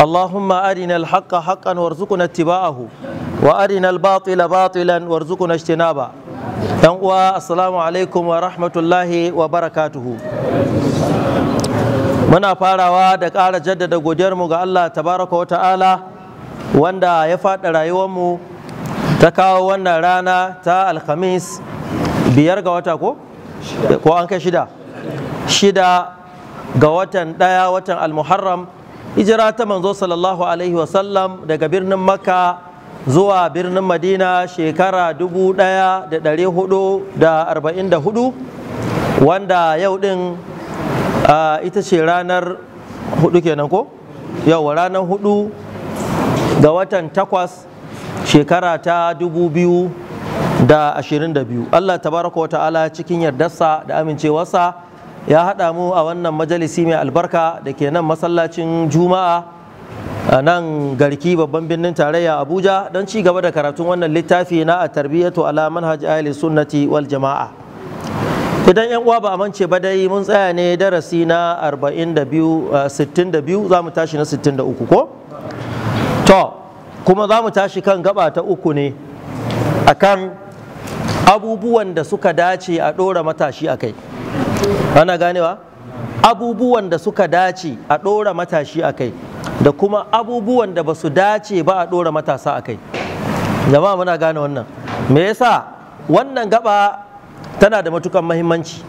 اللهم أرنا الحق حقا وارزقنا اتباعه وأرنا الباطل باطلا na اجتنابه yan uwa 'Asalamu alaikum wa rahmatullahi wa barakatuhu muna farawa da ƙara jaddada godiyarmu ga Allah tabaraka wa ta'ala wanda ya faɗa rayuwarmu ta kawo wannan rana ta alhamis shida ga watan ɗaya watan Al-Muharram. hijira ta manzo sallallahu alaihi wasallam daga birnin makka zuwa birnin madina shekara 1444 wanda yau din ita ce ranar hudu kenan ko yau ranar hudu ga watan takwas shekara ta 2022 allah tabaraka wa ta'ala cikin yardarsa da amincewarsa ya haɗa mu a wannan majalisi mai albarka da ke nan masallacin juma'a a nan garki babban birnin tarayya abuja don ci gaba da karatun wannan littafi na a tarbiyyatu ala manhaj ahli sunnati wal jama'a idan yan uwa ba a mance ba dai mun tsaya ne darasi na 42 62 za mu tashi na 63 ko to kuma za mu tashi kan gaba ta uku ne akan abubuwan da suka dace a ɗora matashi a kai ana ganewa abubuwan da suka dace a ɗora matashi a kai da kuma abubuwan da ba su dace ba a ɗora matasa a kai jama'a muna gane wannan me yasa wannan gaba tana da matukan mahimmanci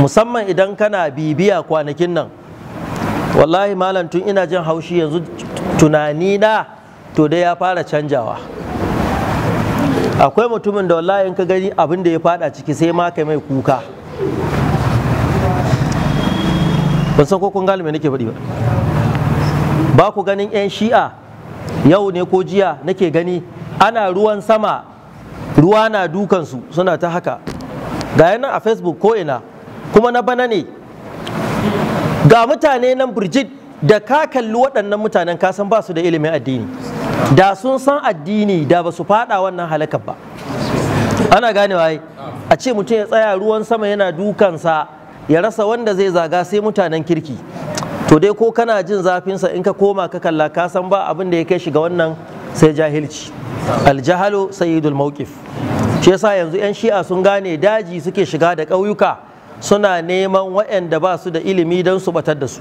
musamman idan kana bibiya kwanakin nan wallahi malam tun ina jin haushi yanzu tunani na to dai ya fara canjawa akwai mutumin da wallahi in ka gani abin da ya fada ciki sai ma kai mai kuka ban san ko kun gane me nake faɗi ba ba ku ganin 'yan shi'a yau ne ko jiya nake gani ana ruwan sama ruwa na dukan su suna ta haka ga nan a facebook ko ina kuma na bana ne ga mutane nan birjit da ka kalli waɗannan mutanen ka san ba su da ilimin addini da sun san addini da ba su faɗa wannan halakar ba ana gane waye a ce mutum ya tsaya ruwan sama yana dukansa ya rasa wanda zai zaga sai mutanen kirki to dai ko kana jin zafinsa in ka koma ka kalla ka san ba abin da ya kai shiga wannan sai jahilci aljahalu sayyidul mawqif shi yasa yanzu yan shi'a sun gane daji suke shiga da ƙauyuka suna neman waɗanda ba su da ilimi don su batar da su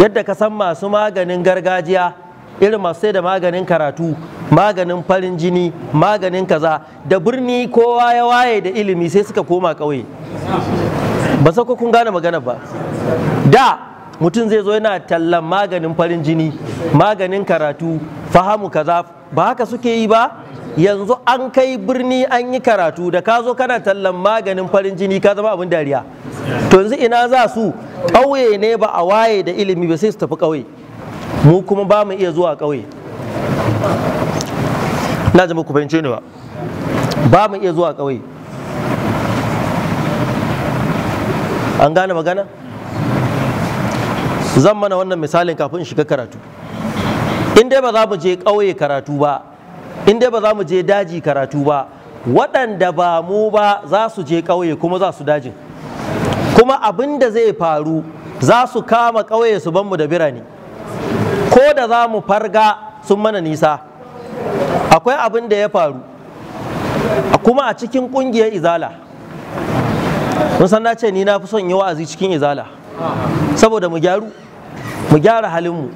yadda ka san masu maganin gargajiya irin masu sai da maganin karatu maganin farin jini maganin kaza da birni kowa ya waye da ilimi sai suka koma ƙauye ba sako kun gane magana ba da mutum zai zo yana tallan maganin farin jini maganin karatu fahamu kaza ba haka suke yi ba yanzu an kai birni an yi karatu da ka zo kana tallan maganin farin jini ka zama abin dariya to yanzu ina za su ƙauye ne ba a waye da ilimi ba sai su tafi ƙauye mu kuma ba mu iya zuwa ƙauye na zama ku fahimce ni ba ba mu iya zuwa ƙauye an gane magana zan mana wannan misalin kafin in shiga karatu in dai ba za mu je ƙauye karatu ba in dai ba za mu je daji karatu ba waɗanda ba mu ba za su je ƙauye kuma za su dajin kuma abin da zai faru za su kama ƙauye su banmu da birane ko da za mu farga sun mana nisa akwai abin da ya faru kuma a cikin ƙungiyar izala mun san na ce ni na fi son yi wa'azi cikin izala saboda mu gyaru mu gyara halinmu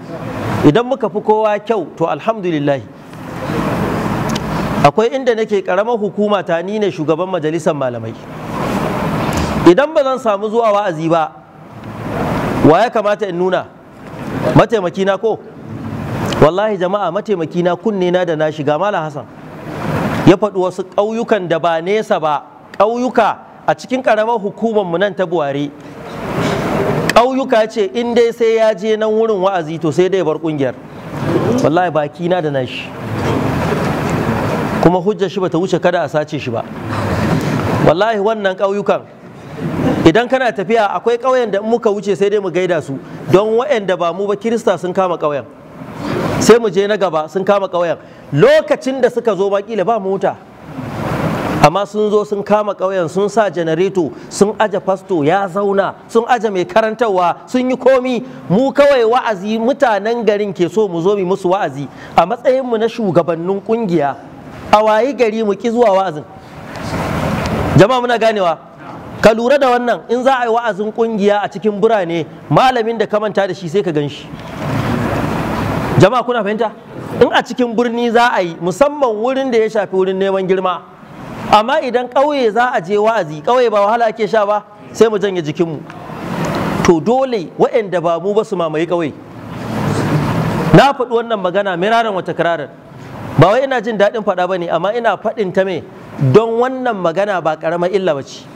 idan muka fi kowa kyau to alhamdulillah akwai inda nake karamar hukuma ta ni ne shugaban majalisar malamai idan ba zan samu zuwa wa'azi ba wa ya kamata in nuna mataimakina ko wallahi jama'a mataimakina kunne na da na shiga mala hasan ya faɗi wasu ƙauyukan da ba nesa ba ƙauyuka a cikin ƙaramar hukumar mu nan ta buware ƙauyuka ce in dai sai ya je nan wurin wa'azi to sai dai bar ƙungiyar wallahi baki na da nashi kuma hujjar shi ta wuce kada a sace shi ba wallahi wannan ƙauyukan idan kana tafiya akwai ƙauyen da muka wuce sai dai mu gaida su don waɗanda ba mu ba kirista sun kama ƙauyen sai mu je na gaba sun kama ƙauyen lokacin da suka zo kila ba mota amma sun zo sun kama ƙauyen sun sa janareto sun aje fasto ya zauna sun aje mai karantarwa sun yi komi mu kawai wa'azi mutanen garin ke so mu zo mu musu wa'azi a matsayin mu na shugabannin kungiya a wayi gari mu ki zuwa wa'azin jama'a muna ganewa ka lura da wannan in za a yi wa'azin kungiya a cikin birane malamin da ka manta da shi sai ka gan shi jama'a kuna fahimta in a cikin birni za a yi musamman wurin da ya shafi wurin neman girma amma idan ƙauye za a je wa'azi ƙauye ba wahala ake sha ba sai mu janye jikinmu to dole waɗanda ba mu ba su mamaye ƙauye na faɗi wannan magana miraran wata kirarar ba wai ina jin daɗin faɗa ba ne amma ina faɗin ta mai don wannan magana ba ƙaramar illa ba ce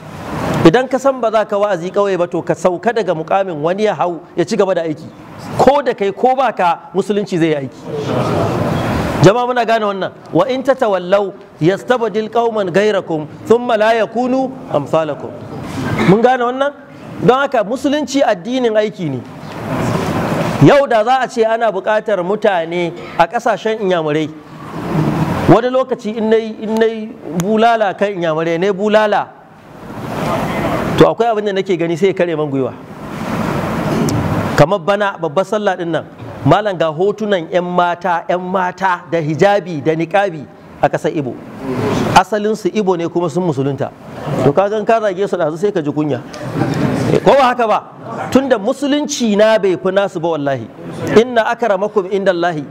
idan ka san ba za ka wa'azi kawai ba to ka sauka daga mukamin wani ya hau ya ci gaba da aiki ko da kai ko ba ka musulunci zai yi aiki jama'a muna gane wannan wa in ta gaira yastabdil qauman ghayrakum thumma la yakunu amsalakum mun gane wannan don haka musulunci addinin aiki ne yau da za a ce ana buƙatar mutane a ƙasashen inyamurai wani lokaci in na bulala kan inyamurai ne bulala to akwai abin da nake gani sai ya kare man gwiwa kamar bana babbar sallah din nan malam ga hotunan 'yan mata 'yan mata da hijabi da niƙabi a ƙasar ibo asalin su ibo ne kuma sun musulunta to ka gan ka rage su ɗazu sai ka ji kunya ko ba haka ba tunda musulunci na bai fi nasu ba wallahi inna akramakum indallahi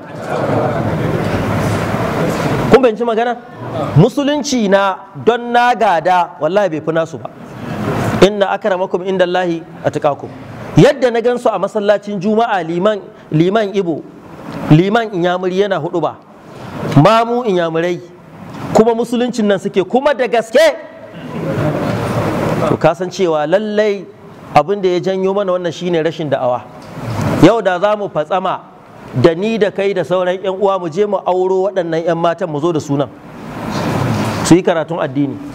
kun bayanci magana musulunci na don na gada wallahi bai fi nasu ba inna akramakum indallahi atqakum yadda na gansu a masallacin juma'a liman liman ibo liman inyamuri yana hudu ba mamu inyamurai kuma musuluncin nan suke kuma da gaske to san cewa lallai abin da ya janyo mana wannan shine rashin da'awa yau da za mu fatsama da ni da kai da sauran 'yan uwa mu je mu auro waɗannan 'yan matan mu zo da sunan su yi karatun addini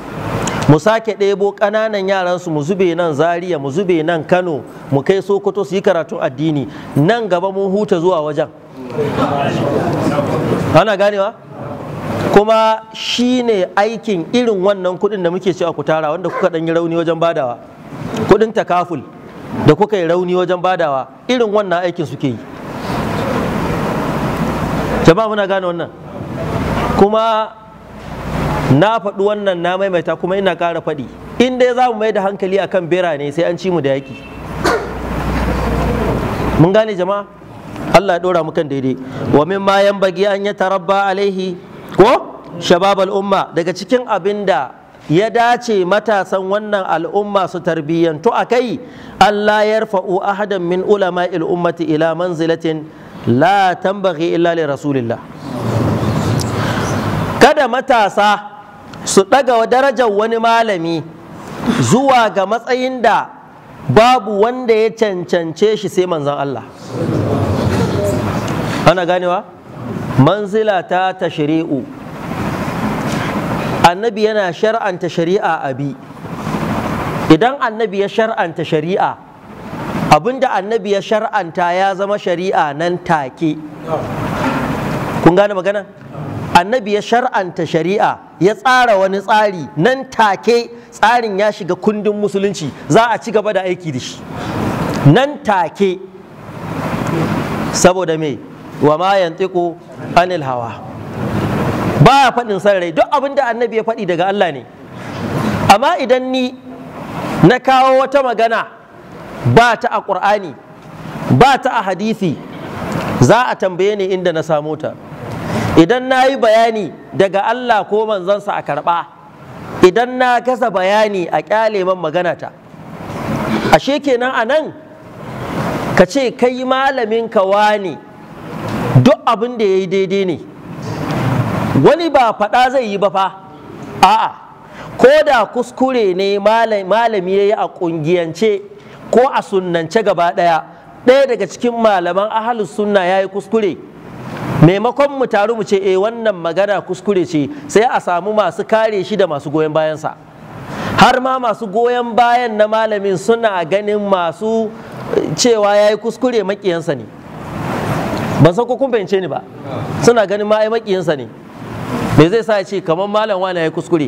mu sake ɗebo ƙananan yaransu mu zube nan zaria mu zube nan kano mu kai sokoto su yi karatun addini nan gaba mun huta zuwa wajen ana ganewa kuma shi ne aikin irin wannan kuɗin da muke cewa ku tara wanda kuka ɗan yi rauni wajen badawa kuɗin takaful da kuka yi rauni wajen badawa irin wannan aikin suke yi jama'a muna gane wannan kuma na faɗi wannan na maimaita kuma ina ƙara faɗi in dai za mu mai da hankali akan birane sai an ci mu da yaƙi mun gane jama'a Allah ya ɗora mu kan daidai wa min ma yan bagi an ya tarabba alaihi ko shabab al'umma daga cikin abin da ya dace matasan wannan al'umma su tarbiyyantu a kai Allah ya a ahadan min ulama ummati ila manzilatin la tambaghi illa li rasulillah kada matasa su ɗaga wa darajar wani malami zuwa ga matsayin da babu wanda ya cancance shi sai manzan Allah ana ganewa manzila ta tashri'u annabi yana shar'anta shari'a abi idan annabi ya shar'anta shari'a abinda annabi ya shar'anta ya zama shari'a nan take kun gane magana annabi ya shar'anta shari'a ya tsara wani tsari nan take tsarin ya shiga kundin musulunci za a ci gaba da aiki da shi nan take saboda me wa ma ko anil hawa ba faɗin san duk abin da annabi ya faɗi daga Allah ne amma idan ni na kawo wata magana ba ta a ƙur'ani ba ta a hadisi za a tambaye ni inda na samo ta idan na yi bayani daga Allah ko manzansa a karɓa idan na kasa bayani a ƙyale man magana ta, ashe kenan a nan ka ce kai malamin kawa ne duk abin da ya yi daidai ne wani ba faɗa zai yi ba fa a'a ko da kuskure ne malami ya yi a ƙungiyance ko a sunnance gaba ɗaya ɗaya daga cikin malaman ahalus sunna ya yi kuskure maimakon mu taru mu ce eh wannan magana kuskure ce sai a samu masu kare shi da masu goyon bayansa har ma masu goyon bayan na malamin suna ganin masu eh, cewa ya yi kuskure makiyansa ne ban san ko kun fahimce ni ba suna ganin ma ai makiyansa ne me zai sa ya ce kamar malam wani ya yi kuskure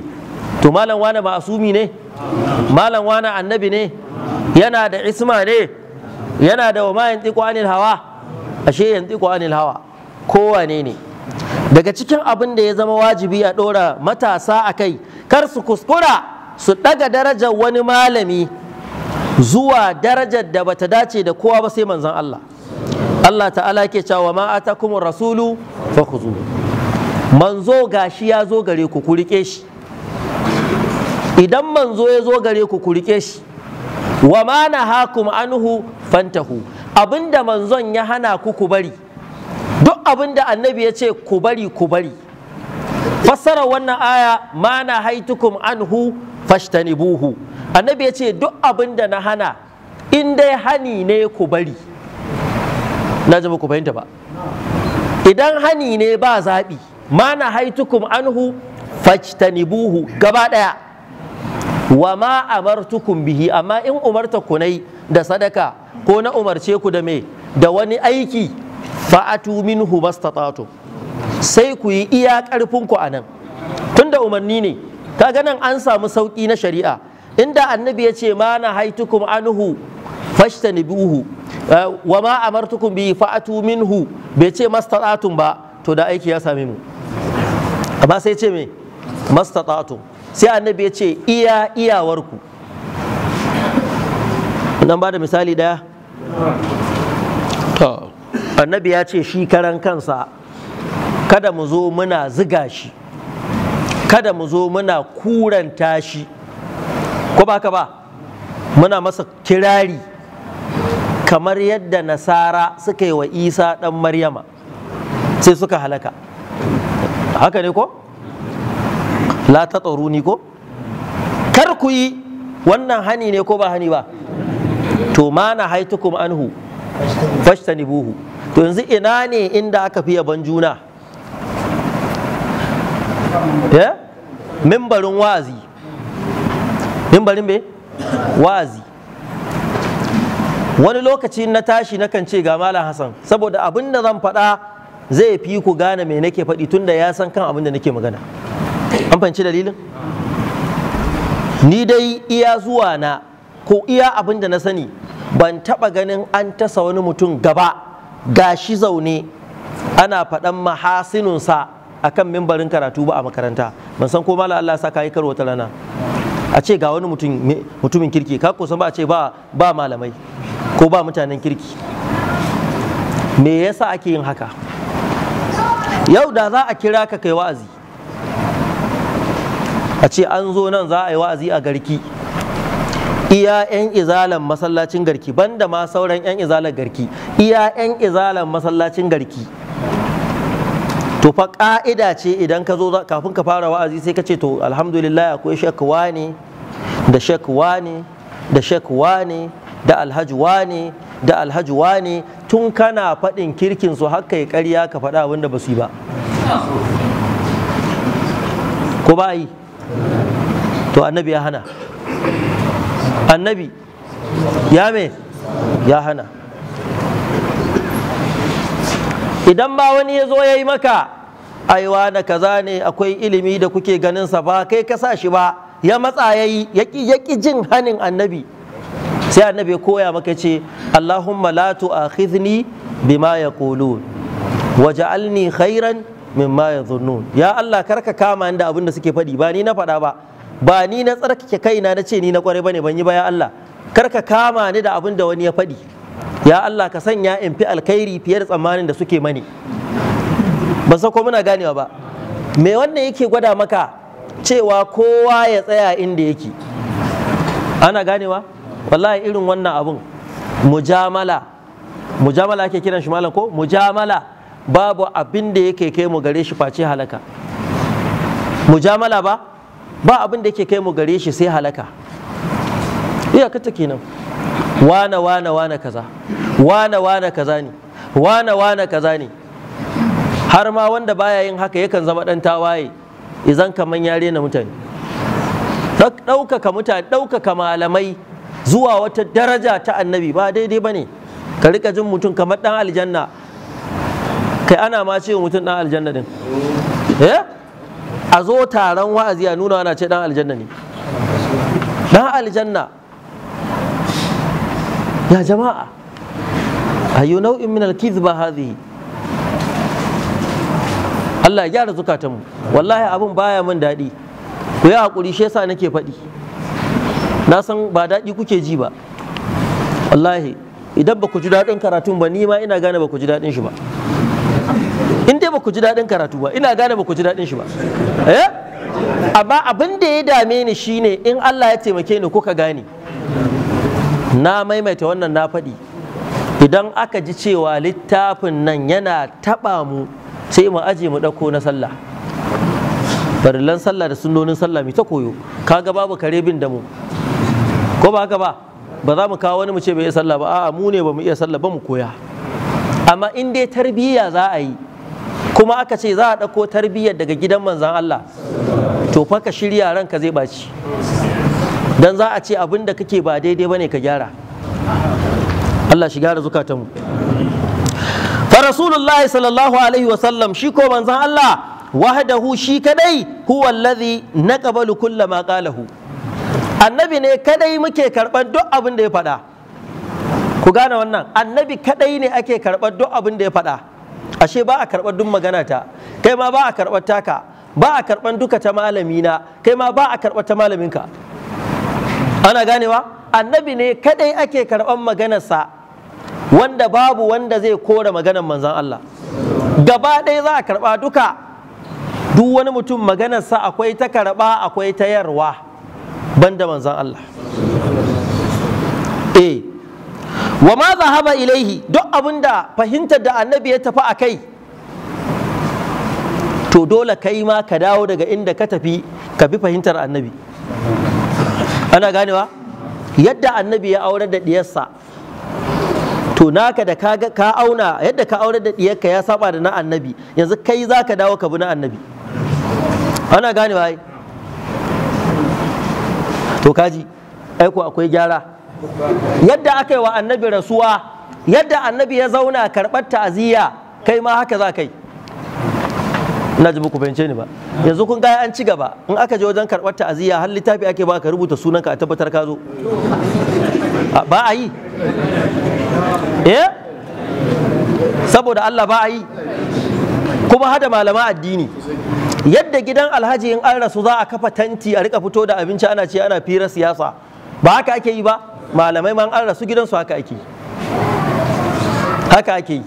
to malam wani ba asumi ne malam wani annabi ne yana da isma ne yana da wa ma yantiqu hawa ashe yantiqu anil hawa kowane ne daga cikin abin da ya zama wajibi a ɗora matasa a kai kar su kuskura su ɗaga darajar wani malami zuwa darajar da bata dace da kowa ba sai manzon Allah Allah ta'ala ke cewa ma atakumur rasulu fa manzo gashi ya zo gare ku ku rike shi idan manzo ya zo gare ku ku rike shi wa ma nahakum anhu fantahu abinda manzon ya hana ku ku bari abin da annabi ya ce ku bari ku bari fassara wannan aya ma na haitukum anhu fashtanibuhu annabi ya ce duk abin da na hana in dai hani ne ku bari na zama ku fahimta ba idan hani ne ba zaɓi ma na haitukum anhu fashtanibuhu gaba ɗaya wa ma amartukum bihi amma in umarta kunai da sadaka ko na umarce ku da me da wani aiki fa'atu minhu bastatatu sai ku yi iya karfin ku anan tunda umarni ne kaga nan an samu sauki na shari'a inda annabi ya ce ma na haitukum anhu fashtanibuhu eh, wa ma amartukum bi fa'atu minhu bai ce mastata'tum ba to da aiki ya same mu amma sai ce me mastata'tum sai annabi ya ce iya iyawarku nan ba da misali daya to annabi ya ce shi karan kansa kada mu zo muna ziga shi kada mu zo muna kuranta shi ko ba ka ba muna masa kirari kamar yadda nasara suka yi wa isa ɗan maryama sai suka halaka haka ne ko la ta ni ko kar ku yi wannan hani ne ko ba hani ba to ma na haitukum anhu fashtanibuhu buhu to yanzu ina ne inda aka fi ban juna ya eh? mimbarin wazi mimbarin me wazi wani lokaci na tashi nakan ce ga malam hassan saboda abin da zan faɗa zai fi ku gane me nake faɗi tunda ya san kan abin da nake magana an fahimci dalilin ni dai iya zuwa na ko iya abin da na sani ban taɓa ganin an tasa wani mutum gaba gashi zaune ana faɗan mahasinunsa a kan mimbarin karatu ba a makaranta ban san ko mala Allah sa ka yi karo wata rana a ce ga wani mutumin kirki ka kusan ba a ce ba malamai ko ba mutanen kirki me yasa ake yin haka yau da za a kira ka kai wa'azi a ce an zo nan za a yi wa'azi a garki iya 'yan izalan masallacin garki banda ma sauran 'yan izalan garki iya 'yan izalan masallacin garki to fa ƙa'ida ce idan ka zo kafin ka fara wa'azi sai ka ce to alhamdulillah akwai shakwa ne da shakwa ne da shakwa ne da alhajuwa ne da alhajuwa ne tun kana faɗin kirkin su haka ya ƙarya ka faɗa abin da ba su yi ba ko ba yi to annabi ya hana annabi ya me ya hana idan ba wani ya zo ya yi maka aiwa na kaza ne akwai ilimi da kuke ganinsa ba kai ka sa shi ba ya matsa ya yi ya ƙi jin hanin annabi sai annabi ya koya maka ce Allahumma la tu'akhidhni bima yaqulun waj'alni khairan mimma yadhunnun ya Allah karka kama inda abin da suke faɗi ba ni na faɗa ba ba ni na tsarkake kaina na ce ni na kwarai bane ban yi ba ya Allah kar ka kama ni da abin da wani ya faɗi ya Allah ka sanya in fi alkhairi fiye da tsammanin da suke mani ba sa ko muna ganewa ba me wannan yake gwada maka cewa kowa ya tsaya inda yake ana ganewa wallahi irin wannan abun mujamala mujamala ake kiran shi malam ko mujamala babu abin da yake kai mu gare shi face halaka mujamala ba ba abin da yake kai mu gare shi sai halaka iyakata kenan wane wane wane kaza wane wane kaza ne wane wane kaza ne har ma wanda baya yin haka yakan zama dan tawaye Izan kaman ya rena mutane ɗaukaka mutane ɗaukaka malamai zuwa wata daraja ta annabi ba daidai ba ne ka rika jin mutum kamar ɗan aljanna kai ana ma ce mutum ɗan aljanna din eh a zo taron wa'azi a nuna wana ce dan aljanna ne dan aljanna ya jama'a ayu nau'in min alkizba hadhihi Allah ya gyara mu wallahi abun baya min daɗi ku yi haƙuri shi yasa nake faɗi na san ba daɗi kuke ji ba wallahi idan ba ku ji daɗin karatun ba ni ma ina gane ba ku ji daɗin shi ba ba ku ji daɗin karatu ba ina gane ba ku ji daɗin shi ba eh? amma abin da ya dame ni shine in Allah ya taimake ni kuka gane na maimaita wannan na faɗi idan aka ji cewa littafin nan yana taɓa mu sai mu aje mu ɗauko na sallah farillan sallah da sunnonin sallah mai ta koyo kaga babu kare bin da mu ko ba haka ba ba za mu kawo wani mu ce bai iya sallah ba a'a mu ne ba mu iya sallah ba mu koya amma in dai tarbiyya za a yi kuma aka ce za a ɗauko tarbiyyar daga gidan manzan Allah to fa ka shirya ranka zai ɓaci dan za a ce abin da kake ba daidai bane ka gyara Allah shi gyara zukatanmu fa rasulullahi sallallahu alaihi wasallam shi ko manzan Allah wahdahu shi kadai huwa allazi naqbalu kulla ma qalahu annabi ne kadai muke karban duk abin da ya faɗa ku gane wannan annabi kadai ne ake karɓar duk abin da ya faɗa ashe ba a karɓar duk magana ta kai ma ba a karɓar taka ba a karɓar duka ta malamina, kai ma ba a karɓar ta malaminka ana ganewa annabi ne kadai ake karɓar maganarsa wanda babu wanda zai kora maganar manzan Allah gaba ɗaya za a karɓa duka duk wani mutum maganarsa akwai ta karɓa akwai ta yarwa banda manzan Allah eh wa ma zahaba ilaihi duk abinda fahimtar da annabi ya tafi a kai to dole kai ma ka dawo daga inda ka tafi ka bi fahimtar annabi ana ganewa yadda annabi ya aure da diyarsa to naka da ka auna yadda ka aure da diyarka ya saba da na annabi yanzu kai za ka dawo ka bi na annabi ana ganewa ai to kaji aiko akwai gyara yadda aka yi wa annabi rasuwa yadda annabi ya zauna karɓar ta'aziyya kai ma haka za ka yi ina ji muku bence ni ba yanzu kun ga an ci gaba in aka je wajen karɓar ta'aziyya har littafi ake ba ka rubuta sunanka a tabbatar ka zo ba a yi eh saboda Allah ba a yi kuma hada malama addini yadda gidan alhaji in an rasu za a kafa tanti a rika fito da abinci ana ce ana firar siyasa ba haka ake yi ba malamai ma an rasu gidansu haka ake haka ake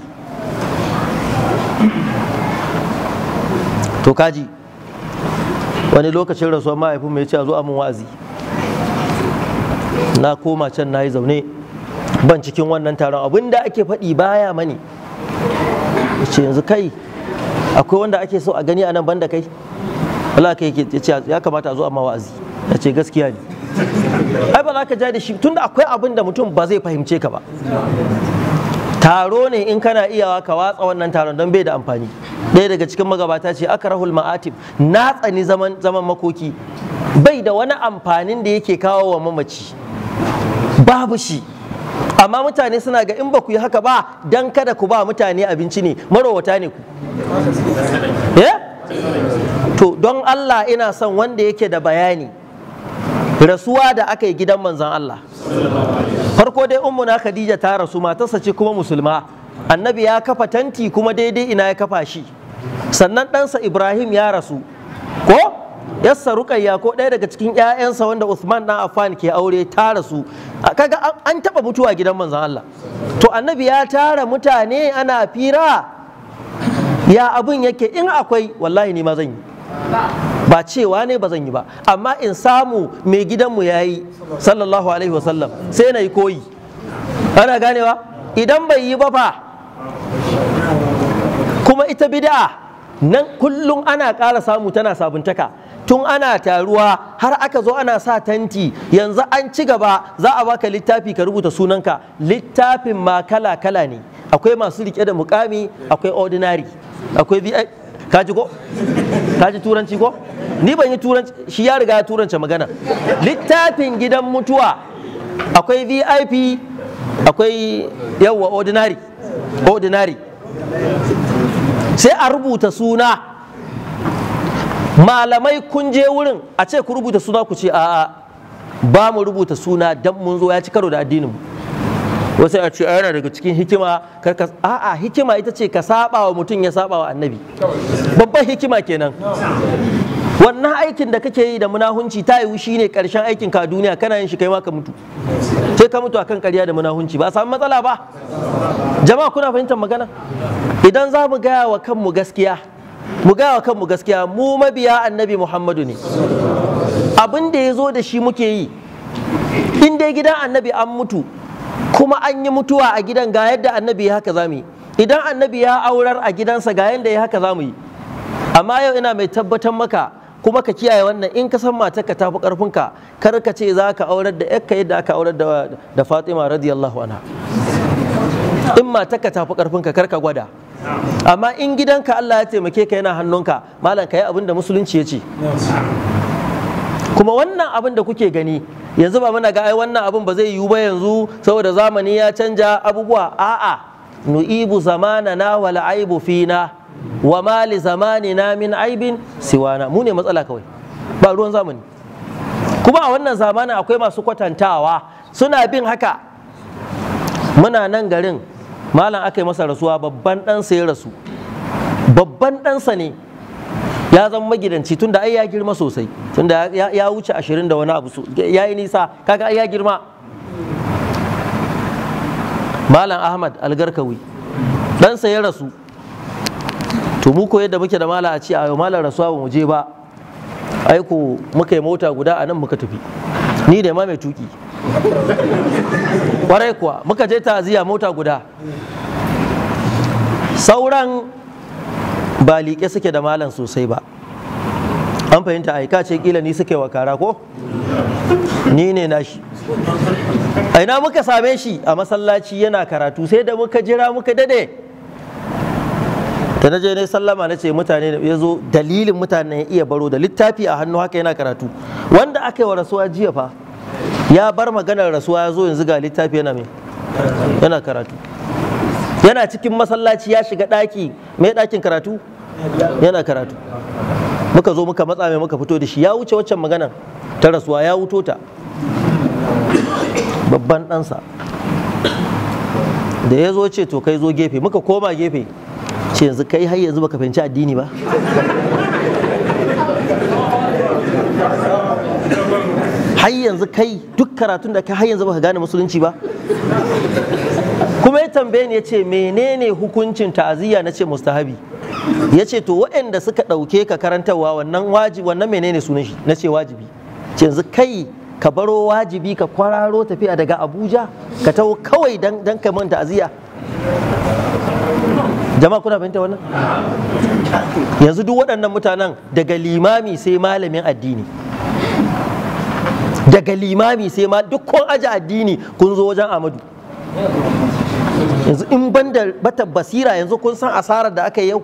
to kaji wani lokacin rasuwar mahaifin mai ce a zo amin wa'azi na koma can na yi zaune ban cikin wannan taron abin da ake faɗi baya mani ce yanzu kai akwai wanda ake so a gani a nan banda kai Allah ka yake ce ya kamata a zo amma wa'azi ya ce gaskiya ne ai ba za ka ja da shi tunda akwai abin da mutum ba zai fahimce ka ba taro ne in kana iyawa ka watsa wannan taron don bai da amfani ɗaya daga cikin magabata ce aka rahul ma'atib na tsani zaman zaman makoki bai da wani amfanin da yake kawo wa mamaci babu shi amma mutane suna ga in ba ku yi haka ba dan kada ku ba mutane abinci ne marowata ne ku eh? to don Allah ina son wanda yake da bayani rasuwa da aka yi gidan manzan Allah farko dai ummuna khadija ta rasu matarsa ce kuma musulma annabi ya kafa tanti kuma daidai ina ya kafa shi sannan ɗansa ibrahim ya rasu ko yassa rukayya ko ɗaya daga cikin 'ya'yansa wanda Usman dan Afan ke aure ta rasu. kaga an taɓa mutuwa gidan manzan Allah to annabi ya tara mutane ana fira ya abin yake in akwai wallahi ni ma zan yi ba cewa ne ba zan yi ba amma in samu mai gidanmu ya yi sallallahu alaihi wasallam sai na yi koyi ana ganewa idan bai yi ba fa kuma ita bid'a nan kullum ana ƙara samu tana sabuntaka tun ana taruwa har aka zo ana sa tanti yanzu an ci gaba za a baka littafi ka rubuta sunanka littafin ma kala kala ne akwai masu rike da mukami akwai ordinary akwai kaji ko kaji turanci ko ni ban yi turanci shi ya riga ya turance magana littafin gidan mutuwa akwai vip akwai yawa ordinary ordinary sai a rubuta suna malamai kun je wurin a ce ku rubuta suna ku ce a'a ba mu rubuta suna dan mun zo ya ci karo da addinin mu wasu a ce yana daga cikin hikima a'a hikima ita ce ka saba wa mutum ya saba wa annabi babban hikima kenan wannan aikin da kake yi da munahunci ta yiwu shine karshen aikin ka duniya kana yin shi kai ma ka mutu sai ka mutu akan karya da munahunci ba a samu matsala ba jama'a kuna fahimtar magana idan za mu gaya wa kanmu gaskiya mu gaya wa kanmu gaskiya mu mabiya annabi muhammadu ne abin da ya zo da shi muke yi in dai gidan annabi an mutu kuma an yi mutuwa a gidan ga yadda annabi ya haka zamu yi idan annabi ya aurar a gidansa ga yadda ya haka zamu yi amma yau ina mai tabbatar maka kuma ka kiyaye wannan in ka san matarka tafi karfinka kar ka ce za ka aurar da yakka yadda aka aurar da, da Fatima radiyallahu anha in matarka tafi karfinka kar ka gwada amma in gidanka Allah ya taimake ka yana hannunka malam ka yi abin musulunci ya ce kuma wannan abin da kuke gani yanzu ba muna ga ai wannan abun ba zai yiwu ba yanzu saboda zamani ya canja abubuwa a'a nu'ibu na wal aibu fina wa mali zamani na min aibin siwana mu ne matsala kawai ba ruwan zamani kuma a wannan zamanin akwai masu kwatantawa suna bin haka muna nan garin malam aka yi masa rasuwa babban ɗansa ya rasu babban ɗansa ne ya zama magidanci tunda ai ya girma sosai tunda ya wuce ashirin da wani abu ya yi nisa kaga ai ya girma malam ahmad algarkawi ɗansa ya rasu to mu ko yadda muke da mala a ce a malam rasuwa ba mu je ba aiko muka yi mota guda a nan muka tafi ni da ma mai tuki kwarai kuwa muka je ziya mota guda sauran ba liƙe suke da malam sosai ba an fahimta aika ce kila ni suke wa kara ko ni ne na a ina muka same shi a masallaci yana karatu sai da muka jira muka dade ta na je ne sallama na ce mutane ya zo dalilin mutane ya iya baro da littafi a hannu haka yana karatu wanda aka yi wa rasuwa jiya fa ya bar maganar rasuwa ya zo yanzu ga littafi yana mai yana karatu yana cikin masallaci ya shiga ɗaki mai ɗakin karatu yana karatu muka zo muka matsa mai muka fito da shi ya wuce waccan magana ta rasuwa ya wuto ta babban ɗansa da ya zo ce to kai zo gefe muka koma gefe ce yanzu kai har yanzu baka fahimci addini ba har yanzu kai duk karatun da kai har yanzu baka gane musulunci ba kuma ya tambaye ni ya ce menene hukuncin ta'aziyya na ce mustahabi ya ce to waɗanda suka ɗauke ka karantarwa wannan wajibi wannan menene sunan shi na ce wajibi ce yanzu kai ka baro wajibi ka kwararo tafiya daga abuja ka taho kawai dan ka manta ta'aziyya? jama'a kuna fahimta wannan yanzu duk waɗannan mutanen daga limami sai malamin addini daga limami sai ma duk aji addini kun zo wajen amadu yanzu in ban da bata basira yanzu kun san asarar da aka yi yau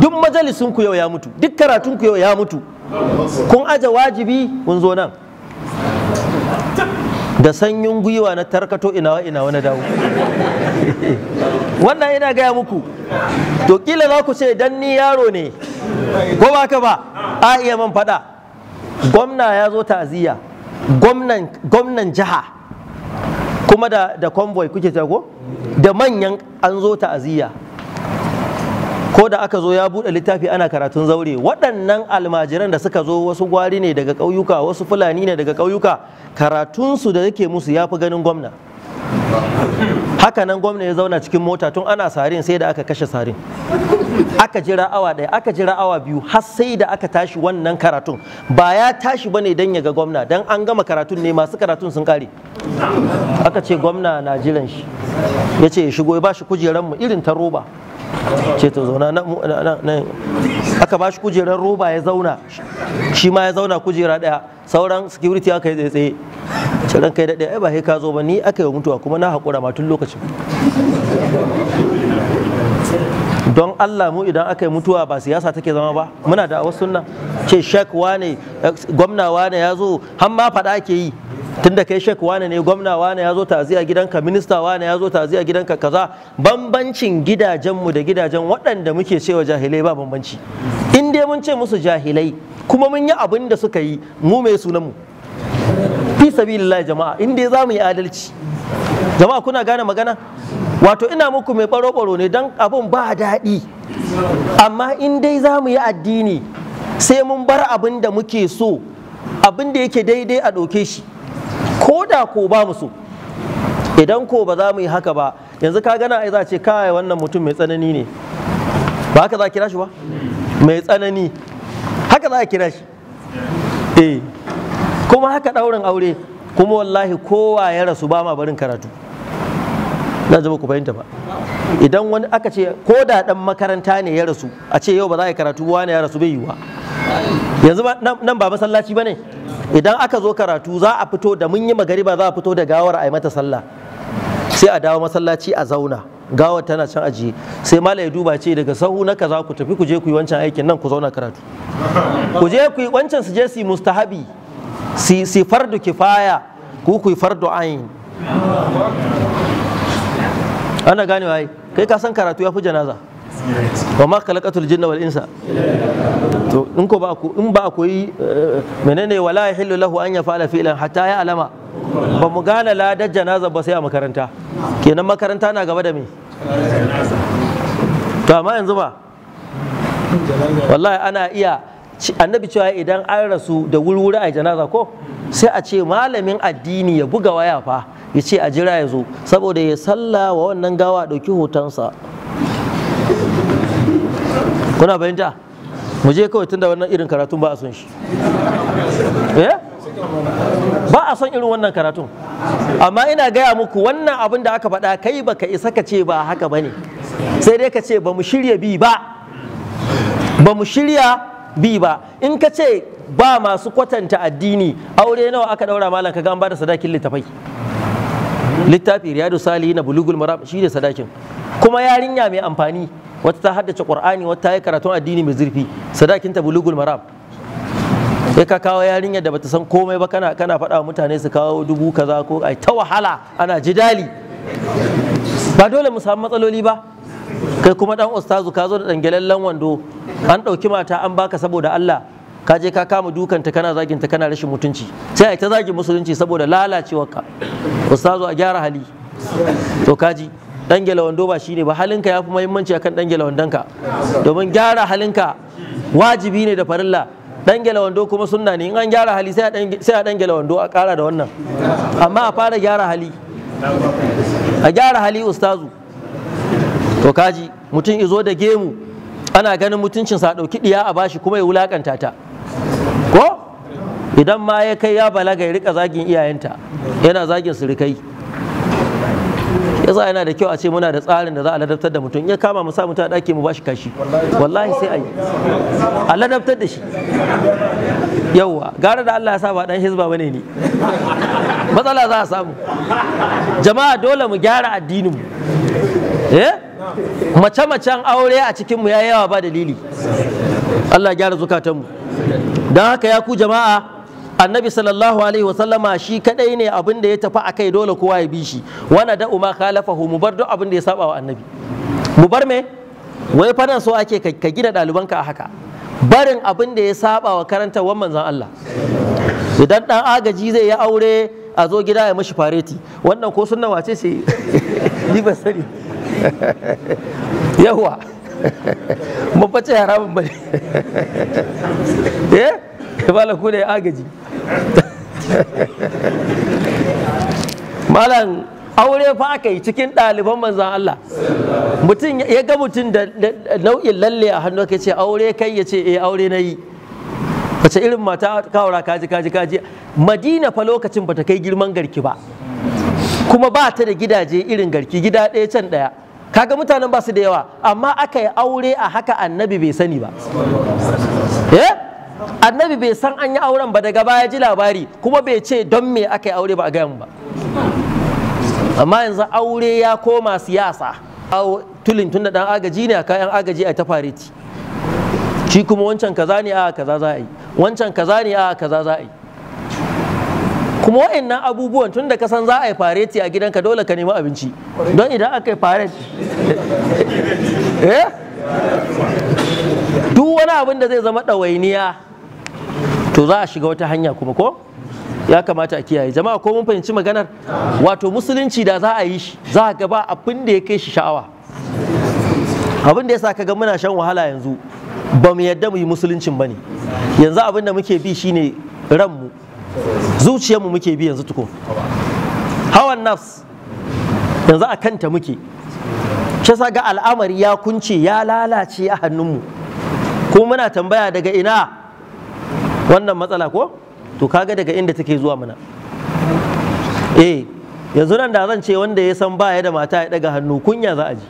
duk majalisun ku yau ya mutu duk karatun ku yau ya mutu kun aje wajibi kun zo nan da sanyin gwiwa na tarkato inawa inawa na dawo wannan ina gaya muku to kila za ku ce dan ni yaro ne ko ba ka ba a iya man faɗa gwamna ya zo ta'aziyya gwamnan jiha kuma da convoy kuke jago? da manyan an zo ta'aziyya ko da aka zo ya buɗe littafi ana karatun zaure waɗannan almajiran da suka zo wasu gwari ne daga ƙauyuka wasu fulani ne daga ƙauyuka karatunsu da yake musu ya fi ganin gwamna haka nan gwamna ya zauna cikin mota tun ana sarin sai da aka kashe sarin aka jira awa ɗaya aka jira awa biyu har sai da aka tashi wannan karatun ba ya tashi ba ne don ya ga gwamna don an gama karatun ne masu karatun sun kare aka ce gwamna na jiran shi ya ce ya shigo ya ba shi kujeranmu irin ta roba ce zauna na aka ba shi kujerar roba ya zauna shi ma ya zauna kujera daya sauran security aka yi tsaye ce kai daɗe ai ba sai ka zo ba ni aka yi mutuwa kuma na haƙura ma tun lokacin don Allah mu idan aka yi mutuwa ba siyasa take zama ba muna da wasu sunna ce shek wane gwamna wane ya zo har ma faɗa ke yi tunda kai shek wane ne gwamna wane ya zo a gidanka minista wane ya zo a gidanka kaza bambancin gidajenmu da gidajen waɗanda muke cewa jahilai ba bambanci in dai mun ce musu jahilai kuma mun yi abin da suka yi mu mai sunan mu fi sabilillah jama'a in dai za yi adalci jama'a kuna gane magana wato ina muku mai baro-baro ne don abun ba daɗi amma in dai za yi addini sai mun bar abin da muke so abin da yake daidai a ɗauke shi ko da ko ba mu so idan ko ba za mu yi haka ba yanzu ka gana ai za ce kai wannan mutum mai tsanani ne ba haka za kira shi ba mai tsanani haka za a kira shi eh kuma haka ɗaurin aure kuma wallahi kowa ya rasu ba ma barin karatu na ji ku fahimta ba idan wani aka ce ko da dan makaranta ne ya rasu a ce yau ba za a yi karatu wani ya rasu bai wa yanzu nan ba masallaci ba ne idan aka zo karatu za a fito da mun yi magariba za a fito da gawar a yi mata sallah sai a dawo masallaci a zauna gawar tana can ajiye sai malai ya duba ce daga sahu na kaza ku tafi ku je ku yi wancan aikin nan ku zauna karatu ku je ku yi wancan su je su mustahabi si fardu kifaya ku ku yi fardu ayin ana ganewa kai ka san karatu ya fi janaza wa ma khalaqatul jinna wal insa to in ko ba ku in ba koyi eh, menene wala yahillu lahu an yafala fi'lan hatta ya alama ba mu gane ladar janaza ba sai a makaranta kenan makaranta na gaba da me to amma yanzu ba wallahi ana iya annabi cewa idan an rasu da wurwuri a janaza ko sai a ce malamin addini ya buga waya fa ya ce a jira ya zo saboda ya salla wa wannan gawa ɗauki hotonsa kuna bayanta mu je kawai tunda wannan irin karatun ba a son shi eh? ba a son irin wannan karatun amma ina gaya muku wannan abin da aka faɗa kai ba ka isa ka ce ba haka ne sai dai ka ce ba mu shirya bi ba ba mu shirya bi ba in ka ce ba masu kwatanta addini aure nawa aka daura malam kaga an ba da sadakin littafai littafi riyadu salihin na bulugul maram shi ne sadakin kuma yarinya mai amfani wata ta haddace ƙwar'ani wata ta yi karatun addini mai zurfi sadakinta bulugul maram ya ka kawo yarinyar da bata san komai ba kana kana faɗa wa mutane su kawo dubu kaza ko ai ta wahala ana jidali ba dole mu samu matsaloli ba kai kuma ɗan ustazu ka zo da dangalallen wando an ɗauki mata an baka saboda Allah ka je ka kama dukanta kana zaginta kana rashin mutunci sai ai ta zagin musulunci saboda lalacewarka ustazu a gyara hali to kaji dan gela wando ba shine ba halinka fi muhimmanci akan dan gela domin gyara halinka wajibi ne da farilla dan gela kuma sunna ne in an gyara hali sai a dan gela wando a kara da wannan amma a fara gyara hali a gyara hali ustazu to kaji mutum izo da gemu ana ganin mutuncinsa a ɗauki ɗiya a bashi kuma ya wulakanta ta ko idan ma ya kai ya balaga ya rika zagin iyayenta yana zagin sirikai yasa yana da kyau a ce muna da tsarin da za a ladabtar da mutum ya kama mu sa mutum a ɗaki mu bashi kashi wallahi sai a a ladabtar da shi yauwa gara da Allah ya sa ba dan hizba bane ne. matsala za a samu jama'a dole mu gyara addinin mu eh mace-macen aure a cikin mu yayi yawa ba dalili Allah ya gyara zukatan mu dan haka ya ku jama'a annabi sallallahu alaihi wasallama shi kadai ne abin da ya tafi a kai dole kowa ya bi shi wana da umma khalafahu mu bar duk abin da ya saba wa annabi mu bar me wai fadan so ake ka gina ɗalibanka a haka barin abin da ya saba wa karantarwar manzon Allah idan dan agaji zai yi aure a zo gida ya mishi fareti wannan ko sunna wace ce ni ba sani yawa mun face haramun bane eh malam ku ne agaji malam aure fa aka yi cikin ɗaliban manzan Allah mutum ya ga mutum da nau'in lalle a hannu ka ce aure kai ya ce eh aure na yi wace irin mata kawara kaji kaji kaji madina fa lokacin bata kai girman garki ba kuma ba ta da gidaje irin garki gida ɗaya can ɗaya kaga mutanen ba su da yawa amma aka yi aure a haka annabi bai sani ba eh annabi bai san an yi auren ba daga baya ji labari kuma bai ce don me aka yi aure ba a gayan ba amma yanzu aure ya koma siyasa A tulin tun da dan agaji ne a kayan agaji a ta fariti shi kuma wancan kaza ne a kaza za a yi wancan kaza ne a kaza za a yi kuma wa'annan abubuwan tun da kasan za a yi fareti a gidanka dole ka nemi abinci don idan aka yi fareti eh? duk wani abin da zai zama ɗawainiya to za a shiga wata hanya kuma ko ya kamata a kiyaye jama'a ko mun fahimci maganar wato musulunci da za a yi shi za a gaba abin da ya kai shi sha'awa abin da ya sa ka ga muna shan wahala yanzu ba mu yadda mu yi musuluncin ba ne yanzu abin da muke bi shine ranmu zuciyarmu muke bi yanzu tukun hawan nafs yanzu a kanta muke shi sa ga al'amari ya kunce ya lalace a hannunmu Kuma muna tambaya daga ina wannan matsala ko to kaga daga inda take zuwa mana eh yanzu nan da zan ce wanda ya san baya da mata ya daga hannu kunya za a ji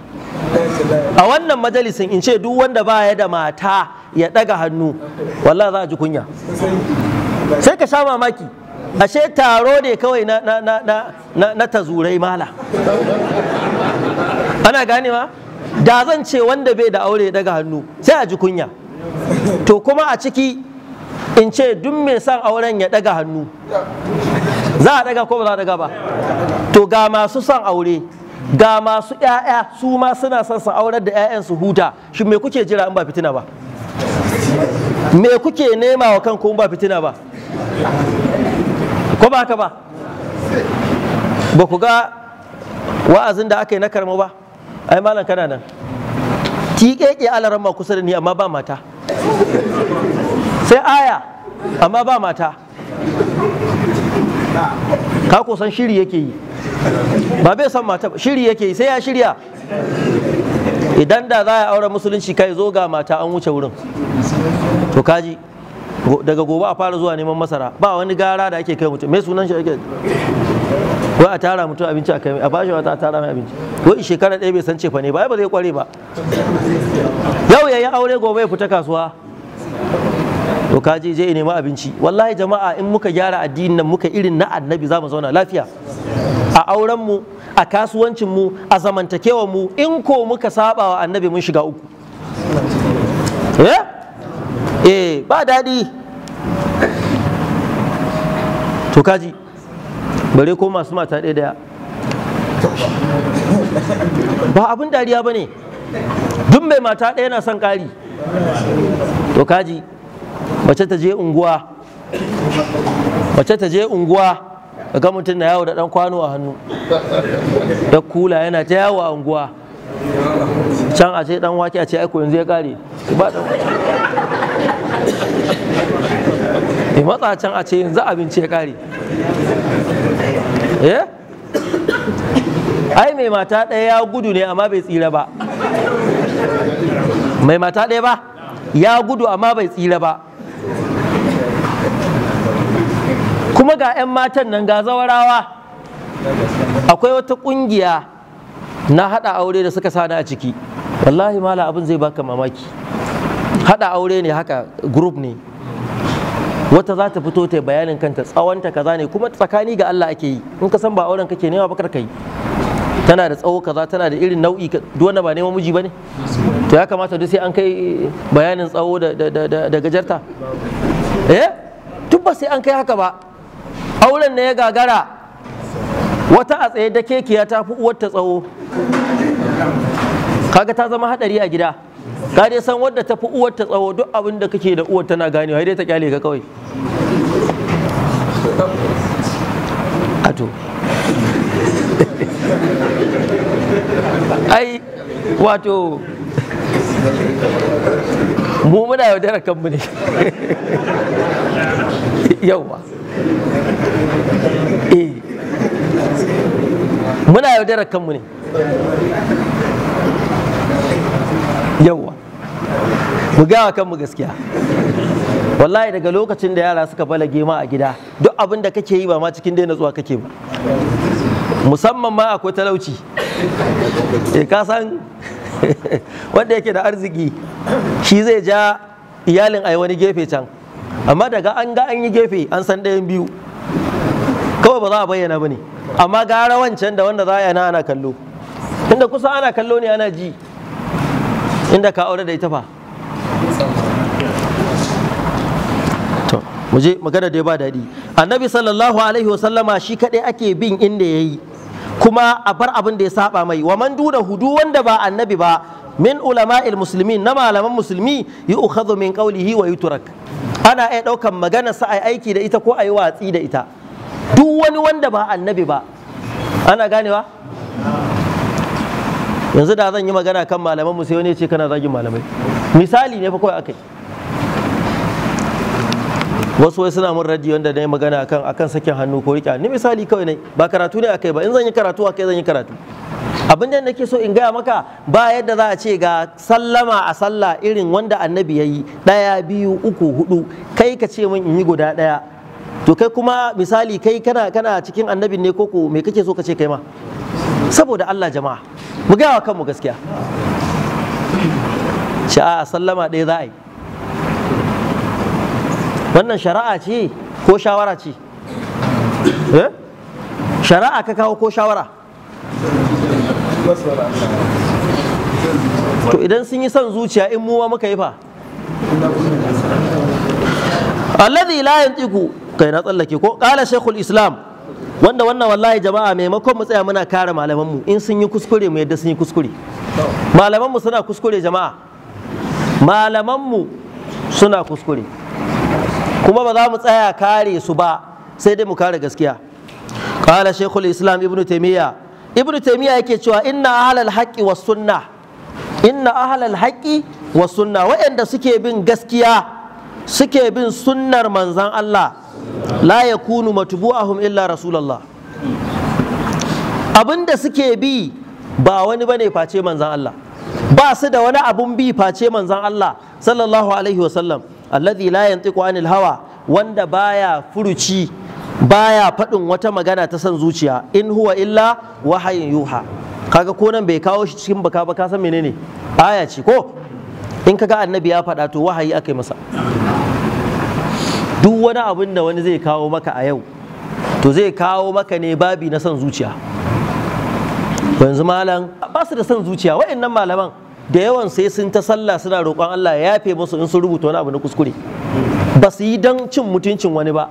a wannan majalisin in ce duk wanda baya da mata ya daga hannu wallah za a ji kunya sai ka sha mamaki ashe taro ne kawai na na na na na, tazurai mala ana ganewa da zan ce wanda bai da aure ya daga hannu sai a ji kunya to kuma a ciki in ce duk mai son auren ya daga hannu za a daga ko ba za a daga ba to ga masu son aure ga masu 'ya'ya su ma suna son su aurar da 'ya'yan su huta shi me kuke jira in ba fitina ba me kuke nema wa kanku in ba fitina ba ko ba haka ba ba ku ga wa'azin da aka yi na karmo ba ai malam kana nan tiƙeƙe alaran ma kusa da ni amma ba mata sai aya amma ba mata ka kusan shiri yake yi ba bai san mata shiri yake yi sai ya shirya idan da za a aure musulunci kai zo ga mata an wuce wurin to kaji daga gobe a fara zuwa neman masara ba wani gara da ake kai mutum mai sunan shi ake ko a tara mutum abinci a kai a bashi wata a tara mai abinci wai shekara ɗaya bai san cefa ne ba ba zai kware ba yau yayin aure gobe ya fita kasuwa ka je nema abinci wallahi jama'a in muka gyara addinin nan muka irin na annabi za mu zauna lafiya a auren mu a kasuwancin mu a zamantakewar mu in ko muka saba wa annabi mun shiga uku eh, eh ba daɗi to kaji bare ko masu mata ɗaya daya ba abin dariya ba ne duk mai mata ɗaya na son ƙari to kaji mace ta je unguwa mace ta je unguwa ga mutum na yawo da dan kwano a hannu da kula yana ta yawo a unguwa can a ce dan wake a ce aiko yanzu ya kare ba dan wake matsa can a ce yanzu abinci ya kare eh ai mai mata ɗaya ya gudu ne amma bai tsira ba mai mata ɗaya ba ya gudu amma bai tsira ba kuma ga 'yan matan nan ga zawarawa akwai wata ƙungiya na haɗa aure da suka sani a ciki wallahi mala abin zai baka mamaki haɗa aure ne haka group ne wata za ta fito ta bayanin kanta tsawonta kaza ne kuma tsakani ga Allah ake yi in ka san ba auren kake nema ba kai tana da tsawo kaza tana da irin nau'i duk wanda ba nema miji bane to ya kamata duk sai an kai bayanin tsawo da gajarta eh duk ba sai an kai haka ba auren na ya gagara wata a tsaye da kekiya ta fi ta tsawo kaga ta zama hadari a gida ka dai san wadda ta fi uwarta tsawo duk abin da kake da uwar tana ganewa dai ta kyale ka kawai ato ai wato mu muna yaudarar kanmu ne yauwa eh muna yaudarar kanmu ne yawa mu gawa kanmu gaskiya wallahi daga lokacin da yara suka balage ma a gida duk abin da kake yi ba ma cikin daina zuwa kake ba musamman ma akwai talauci e ka san wanda yake da arziki shi zai ja iyalin a wani gefe can amma daga an ga an yi gefe an san ɗayan biyu kawai ba za a bayyana ba ne amma gara wancan da wanda za a yana ana kallo inda kusa ana kallo ne ana ji inda ka aure da ita fa to mu je magana da ba daɗi annabi sallallahu alaihi wasallama shi kaɗai ake bin inda ya yi kuma a bar abin da ya saba mai wa man duna hudu wanda ba annabi ba min ulama'il muslimin na malaman musulmi yi min qawlihi wa yutrak ana iya ɗaukan magana sa a aiki da ita ko a yi watsi da ita duk wani wanda ba annabi ba ana ganewa yanzu da zan yi magana kan malaman mu sai wani ya ce kana zagin malamai misali ne fa kawai akai wasu wai suna mun raji da dai magana akan akan sakin hannu ko riƙe ni misali kawai ne ba karatu ne akai ba in zan yi karatu akai zan yi karatu abin da nake so in gaya maka ba yadda za a ce ga sallama a sallah irin wanda annabi yayi yi ɗaya biyu uku hudu kai ka ce min in yi guda daya to kai kuma misali kai kana kana cikin annabin ne koko me kake so ka ce kai ma saboda Allah jama'a mu gaya wa kanmu gaskiya sha'a sallama ɗaya za a yi wannan shari'a ce ko shawara ce eh? shari'a ka kawo ko shawara to idan sun yi son zuciya in muwa muka yi fa alladhi la yantiku kai na tsallake ko qala shaykhul islam wanda wannan wallahi jama'a maimakon mu tsaya muna kare malaman mu in sun yi kuskure mu yadda sun yi kuskure malaman mu suna kuskure jama'a malaman mu suna kuskure kuma ba za mu tsaya kare su ba sai dai mu kare gaskiya qala shaykhul islam ibnu taymiya ibnu taymiya yake cewa inna ahlal haqqi was sunna. inna ahlal haqqi was sunna. waɗanda suke bin gaskiya suke bin sunnar manzan Allah la yakunu matbu'ahum illa rasulullah abinda suke bi ba wani bane face manzan Allah ba su da wani abun bi face manzan Allah sallallahu alaihi wasallam alladhi la yantiqu anil hawa wanda baya furuci baya faɗin wata magana ta san zuciya in huwa illa wahayin yuha kaga ko nan bai kawo shi cikin baka ba ka san menene aya ce ko in kaga annabi ya faɗa to wahayi aka masa duk wani abin da wani zai kawo maka a yau to zai kawo maka ne babi na son zuciya yanzu malam ba su da son zuciya nan malaman da yawan sai sun ta sallah suna roƙon Allah ya yafe musu in sun rubuta wani abu na kuskure ba su yi don cin mutuncin wani ba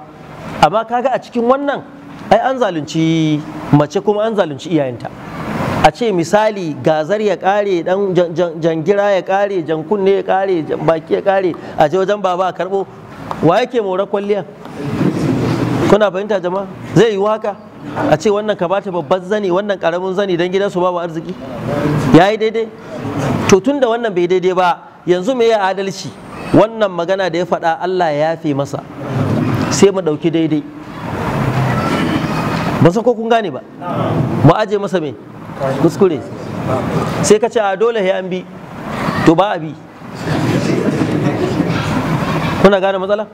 amma kaga a cikin wannan ai an zalunci mace kuma an zalunci iyayenta a ce misali gazar ya kare dan jangira ya kare jankunne ya kare baki ya kare a je wajen baba a karbo wa yake mora kwalliya kuna fahimta jama'a zai yi waka a ce wannan ka bata babban zani wannan karamin zani don gidansu babu arziki ya yi daidai to tun da wannan bai daidai ba yanzu me ya adalci wannan magana da ya faɗa Allah ya yafe masa sai mu ɗauki daidai ba san ko kun gane ba mu aje masa me kuskure sai ka ce a dole ya bi to ba a bi kuna gane matsala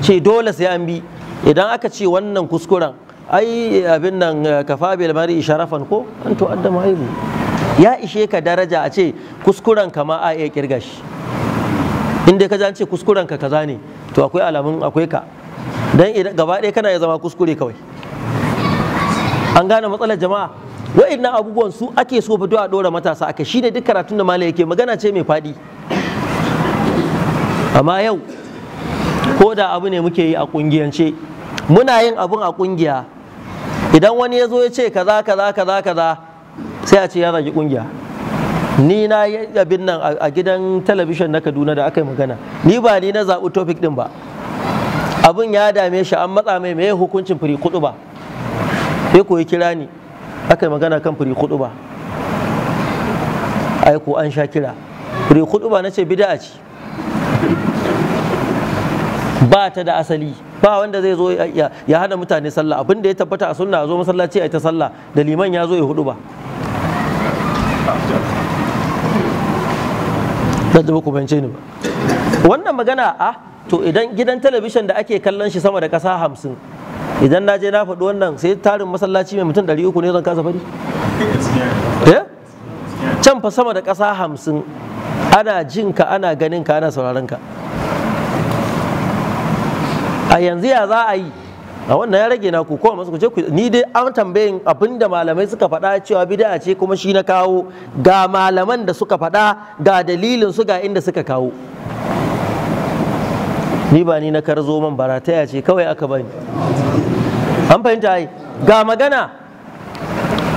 ce dole sai an bi idan aka ce wannan kuskuren ai abin nan eh, kafa bil mari sharafan ko an to addama aibu ya ishe ka daraja a ce kuskuren ka ma a iya kirga shi dai ka an ce kuskuren ka kaza ne to akwai alamun akwai ka dan gaba ɗaya kana ya zama kuskure kawai an gane matsalar jama'a wa'annan abubuwan su ake so fa a dora matasa Shi shine duk karatun da malai yake magana ce mai faɗi amma yau ko da abu ne muke yi a kungiyance muna yin abun a kungiya idan wani ya zo ya ce kaza kaza kaza kaza sai a ce ya zagi kungiya ni na yi abin nan a gidan talabishin na kaduna da aka yi magana ni ba ni na zaɓi topic din ba abin ya dame shi an matsa mai mai hukuncin firi kudu ba sai koyi kira ni aka yi magana kan firi kudu ba aiko an sha kira firi kudu ba na ce bida ce ba ta da asali ba wanda zai zo ya hana mutane sallah abin da ya tabbata a sunna a zo masallaci a ta sallah da liman ya zo ya hudu ba da ku ni ba wannan magana a to idan gidan talabishin da ake kallon shi sama da kasa hamsin idan na je na faɗi wannan sai tarin masallaci mai mutum ɗari uku ne zan kasa fari. Eh? can fa sama da kasa hamsin ana jinka, ana ganin ka ana sauraron ka a yanzu ya za a yi a wannan ya rage na ku kowa masu ku ni dai an tambayin abin da malamai suka faɗa cewa bid'a ce kuma shi na kawo ga malaman da suka faɗa ga dalilin su ga inda suka kawo ni ba ni na karzo man barataya ce kawai aka bani an fahimta ai ga magana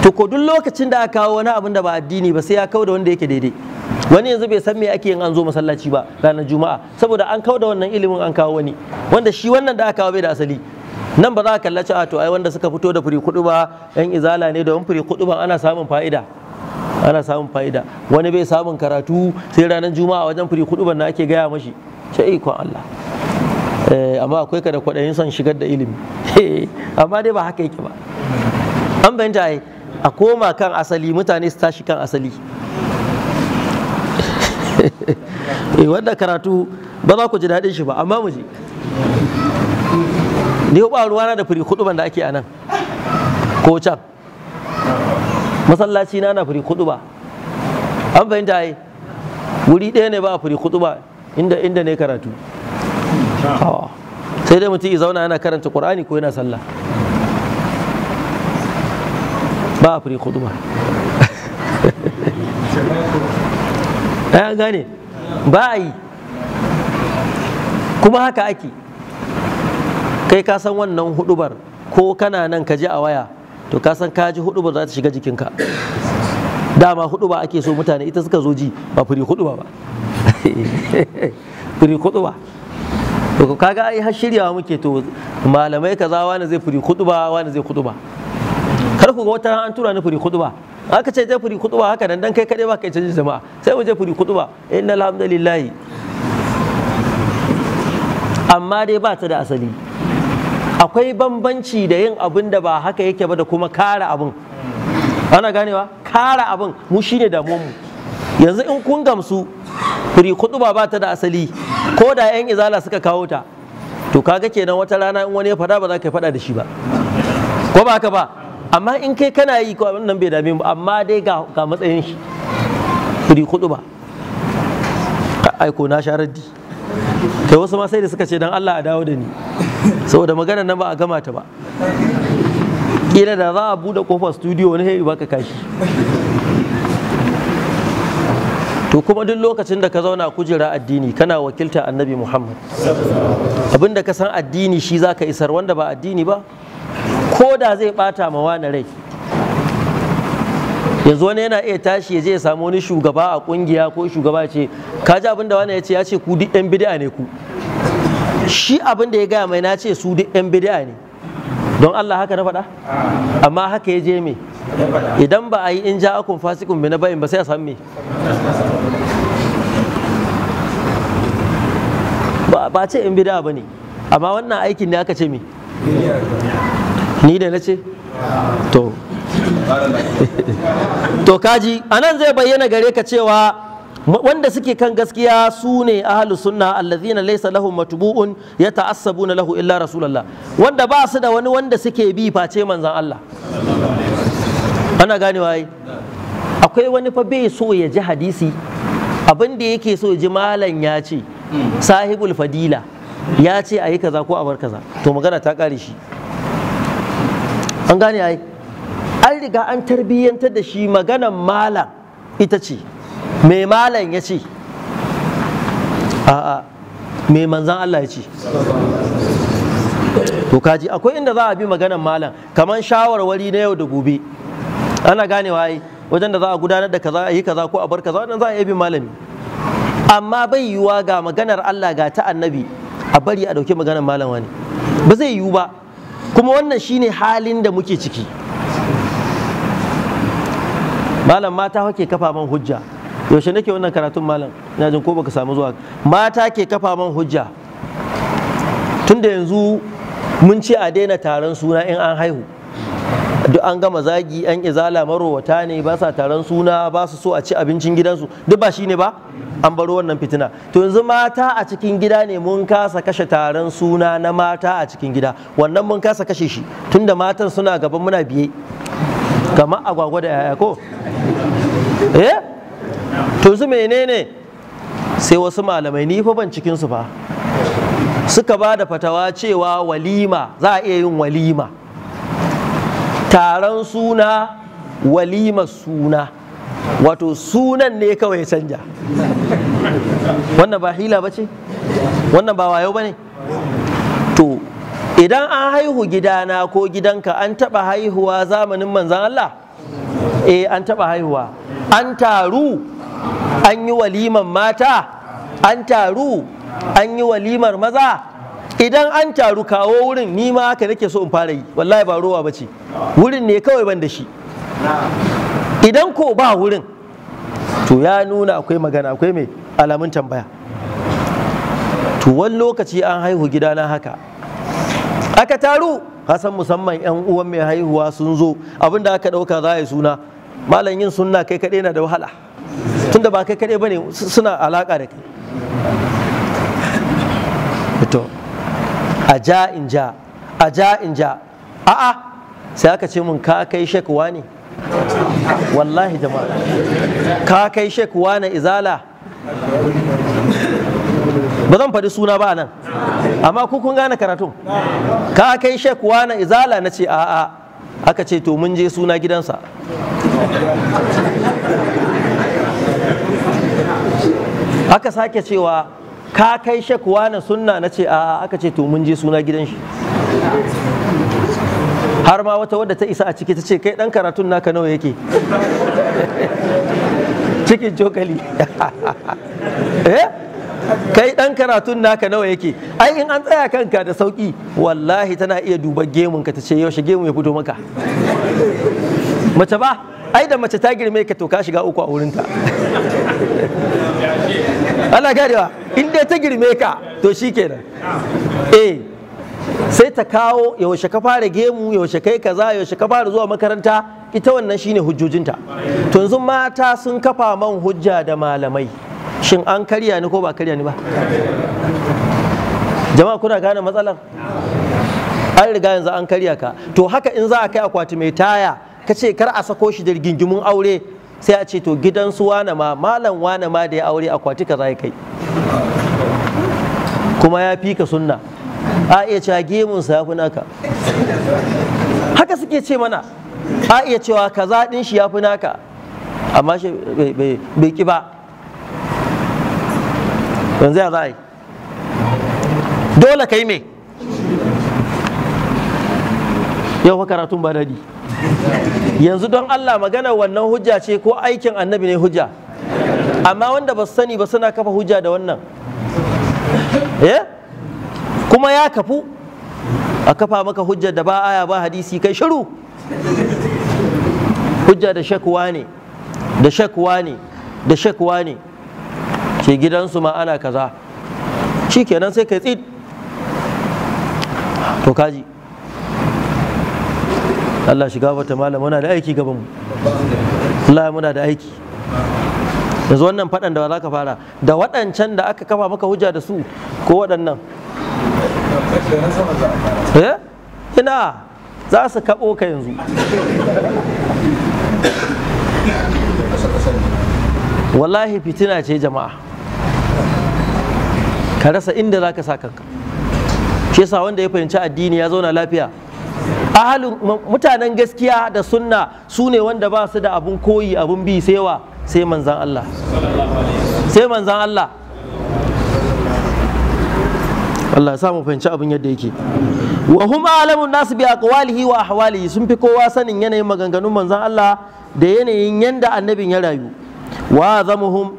to ko duk lokacin da aka kawo wani abin da ba addini ba sai ya kawo da wanda yake daidai wani yanzu bai san me ake yin an zo masallaci ba ranar juma'a saboda an kawo da wannan ilimin an kawo wani wanda shi wannan da aka kawo bai da asali nan ba za ka kallaci a to ai wanda suka fito da firi kudu ba yan izala ne domin firi kudu ba ana samun fa'ida ana samun fa'ida wani bai samun karatu sai ranar juma'a wajen firi kudu ban na ake gaya mashi sai ikon Allah eh, amma akwai ka da kwaɗayin son shigar da ilimi amma dai ba haka yake ba an bayanta a koma kan asali mutane su tashi kan asali Eh, wanda karatu ba za ku ji daɗin shi ba amma mu je ni ba na da firi kudu da ake a nan ko can masallaci na na firi kudu ba an fahimta ai wuri ɗaya ne ba a firi ba inda inda ne karatu sai dai mutum zauna yana karanta qur'ani ko yana sallah ba a firi ba ya eh, gane ba a yi kuma haka ake kai ka san wannan hudubar ko kana nan ka ji a waya to ka san ka ji hudubar za ta shiga jikinka dama hudubar ake so mutane ita suka zo ji ba firi huduba ba firi huduba to kaga ai har shiryawa muke to malamai kaza wani zai firi huduba wani zai huduba kar ku ga wata an tura ni firi huduba aka ce je furi kutuba haka nan dan kai kaɗai ba kai canji jama'a sai mu je furi kutuba amma dai ba ta da asali akwai bambanci da yin abin da ba haka yake ba da kuma kara abin ana ganewa kara abin mu shine damuwar mu yanzu in kun gamsu furi kutuba ba ta da asali ko da yan izala suka kawo ta to kaga kenan wata rana in wani ya fada ba za ka fada da shi ba ko ba haka ba amma in kai kana yi ko wannan bai dame mu amma dai ga matsayin shi kuri kudu ba aiko na sha raddi kai wasu ma sai da suka ce dan Allah a dawo da ni saboda maganar nan ba a gama ta ba kila da za a bude kofar studio wani sai baka kashi to kuma duk lokacin da ka zauna kujera addini kana wakilta annabi muhammad abinda ka san addini shi zaka isar wanda ba addini ba ko da zai bata ma wani rai yanzu wani yana iya tashi ya je ya samu wani shugaba a kungiya ko shugaba ce ka ji abin da wani ya ce ya ce ku duk yan bid'a ne ku shi abin da ya gaya mai na ce su duk yan bid'a ne don Allah haka na faɗa amma haka ya je me idan ba a yi in ja akun fasikun bi na bayin ba sai a san me ba ce yan bid'a ba ne amma wannan aikin ne aka ce me ni da na ce to to kaji anan zai bayyana gare ka cewa wanda suke kan gaskiya su ne ahlus sunna allazina laysa lahum matbu'un yata'assabuna lahu illa rasulullah wanda ba su da wani wanda suke bi face manzan Allah ana ganewa ai akwai wani fa bai so ya ji hadisi abin da yake so ya ji malam ya ce sahibul fadila ya ce a yi kaza ko a bar kaza to magana ta kare shi an gane ai an riga an tarbiyyantar da shi maganan malam ita ce mai malam ya ce a'a mai manzan Allah ya ce to kaji akwai inda za a bi maganan malam kamar shawarwari na yau da gobe ana ganewa ai wajen da za a gudanar da kaza a yi kaza ko a bar kaza wannan za a bi malami amma bai yiwuwa ga maganar Allah ga ta annabi a bari a dauki maganar malam wani ba zai yiwu ba kuma wannan shine halin da muke ciki malam mata ke kafa man hujja yaushe nake wannan karatun malam ina jin ko baka samu zuwa mata ke kafa man hujja tunda yanzu mun ce a daina taron suna in an haihu duk an gama zagi an izala marowata ne ba sa taron suna ba su so a ci abincin gidansu duk ba ne ba an baro wannan fitina to yanzu mata a cikin gida ne mun kasa kashe taron suna na mata a cikin gida wannan mun kasa kashe shi tunda matan suna gaban muna biye kamar agwagwa da yaya ko eh to yanzu menene sai wasu malamai ni fa ban cikin su fa suka ba da fatawa cewa walima za a iya yin walima taron suna walimar suna wato sunan ne kawai ya canja wannan ba hila ba ce wannan ba wayo ba ne to idan an haihu gidana ko gidanka an taɓa haihuwa zamanin manzan Allah eh an taɓa haihuwa an taru an yi waliman mata an taru an yi walimar maza idan an taru kawo wurin ni ma haka nake so in fara yi wallahi ba ruwa bace wurin ne kawai ban da shi idan ko ba wurin to ya nuna akwai magana akwai mai alamun tambaya to wani lokaci an haihu gidana haka aka taru kasan musamman yan uwan mai haihuwa sun zo abinda aka dauka za a suna malam yin sunna kai kaɗai na da wahala tunda ba kai kaɗai bane suna alaka da kai a ja in ja a ja in ja a'a sai aka ce mun ka kai shekuwa ne wallahi jama'a ka kai shekuwa na izala ba zan faɗi suna ba nan amma ku kun gane karatun ka kai shekuwa na izala na ce a'a aka ce to mun je suna gidansa aka sake cewa ka kai shakwa na sunna na ce a aka ce to mun je suna gidan shi har ma wata wadda ta isa a ciki ta ce kai dan karatun naka nawa yake cikin cokali eh kai dan karatun naka nawa yake ai in an tsaya kanka da sauki wallahi tana iya duba gemun ka ta ce yaushe gemu ya fito maka mace ba ai da mace ta girme ka to ka shiga uku a wurinta ana gadewa in dai ta girme ka to shi kenan eh sai ta kawo yaushe ka fara gemu yaushe kai kaza yaushe ka fara zuwa makaranta ita wannan shine hujjojinta to yanzu mata sun kafa man hujja da malamai shin an karya ni ko ba karya ni ba jama'a kuna gane matsalar an riga yanzu an karya ka to haka in za a kai akwati mai taya ka ce kar a sako shi da rigingimun aure sai a ce to gidan su wane ma malam wane ma da ya aure akwati kaza ya kai kuma ya fi ka sunna a iya cewa gemun sa ya fi naka haka suke ce mana a iya cewa kaza din shi ya fi naka amma shi bai ki ba yanzu ya za dole ka yi me yau karatun ba daɗi yanzu don Allah magana wannan hujja ce ko aikin annabi ne hujja amma wanda ba sani ba suna kafa hujja da wannan eh? kuma ya kafu a kafa maka hujja da ba aya ba hadisi kai shiru hujja da shakwa ne da shakwa ne da shakwa ne ce gidansu ma ana kaza Shi kenan sai kai tsit to kaji Allah shiga bata malam muna da aiki gaban mu Allah muna da aiki yanzu wannan faɗan da za ka fara da waɗancan da aka kafa maka hujja da su ko waɗannan eh ina za su kaɓo ka yanzu wallahi fitina ce jama'a ka rasa inda za ka sa kanka shi yasa wanda ya fahimci addini ya zauna lafiya ahalin mutanen gaskiya da sunna su ne wanda ba su da abun koyi abun bi sai manzan Allah sai manzan Allah Allah samu fahimci abin yadda yake wa hum alamun nasu bi aqwalihi wa ahwalihi sun fi kowa sanin yanayin maganganun manzan Allah da yanayin yanda annabin ya rayu wa zamuhum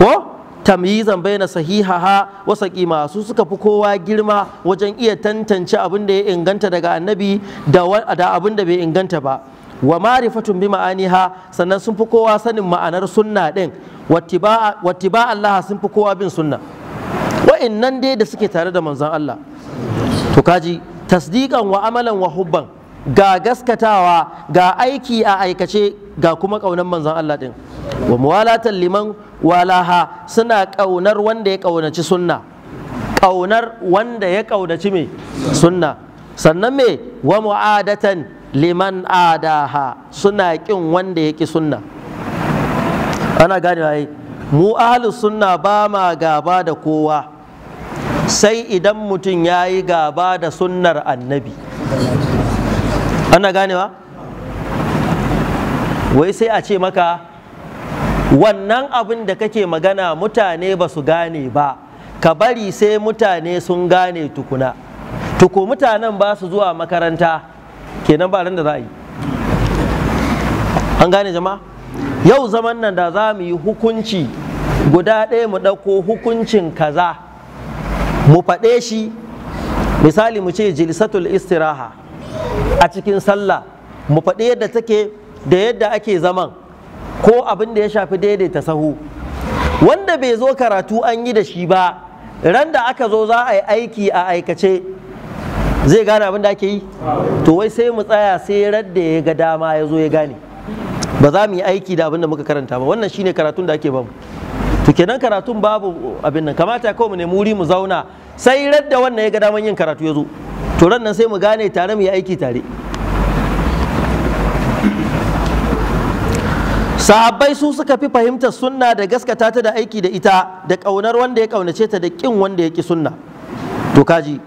ko tamyizan baina sahihaha wasa kima su suka fi kowa girma wajen iya tantance abin da ya inganta daga annabi da abin da bai inganta ba wa ma'rifatun bi ma'aniha sannan sun fi kowa sanin ma'anar sunna din wattiba Allah sun fi kowa bin sunna nan dai da suke tare da manzon Allah to kaji tasdiqan wa amalan wa hubban ga gaskatawa ga aiki a aikace ga kuma ƙaunar manzon Allah din wa muwalatan liman walaha suna ƙaunar wanda ya ƙaunaci sunna ƙaunar wanda ya ƙaunaci me sunna sannan me wa mu'adatan liman adaha suna ƙin wanda ya ƙi sunna ana gane ai mu ahlus sunna ba ma gaba da kowa sai idan mutum yayi gaba da sunnar annabi ana ganewa wai sai a ce maka wannan abin da kake magana mutane ba su gane ba ka bari sai mutane sun gane tukuna tuku mutanen ba su zuwa makaranta kenan ba ran da za an gane jama'a yau zaman nan da za mu yi hukunci guda ɗaya mu ɗauko hukuncin kaza mu faɗe shi misali mu ce jilisatul istiraha a cikin sallah mu faɗi yadda take da yadda ake zaman ko abin da ya shafi daidaita sahu wanda bai zo karatu an yi da shi ba ran da aka zo za a yi aiki a aikace zai gane abin da ake yi to wai sai mu tsaya sai radda ya ga dama ya zo ya gane ba za mu yi aiki da abin da muka karanta ba wannan shine karatun da ake bamu to kenan karatun babu abin nan kamata kawai mu nemi wuri mu zauna sai radda wannan ya ga daman yin karatu ya zo to ran nan sai mu gane tare mu yi aiki tare sahabbai su suka fi fahimtar sunna da gaskata ta da aiki da ita da ƙaunar wanda ya ƙaunace ta da ƙin wanda ya ƙi sunna to kaji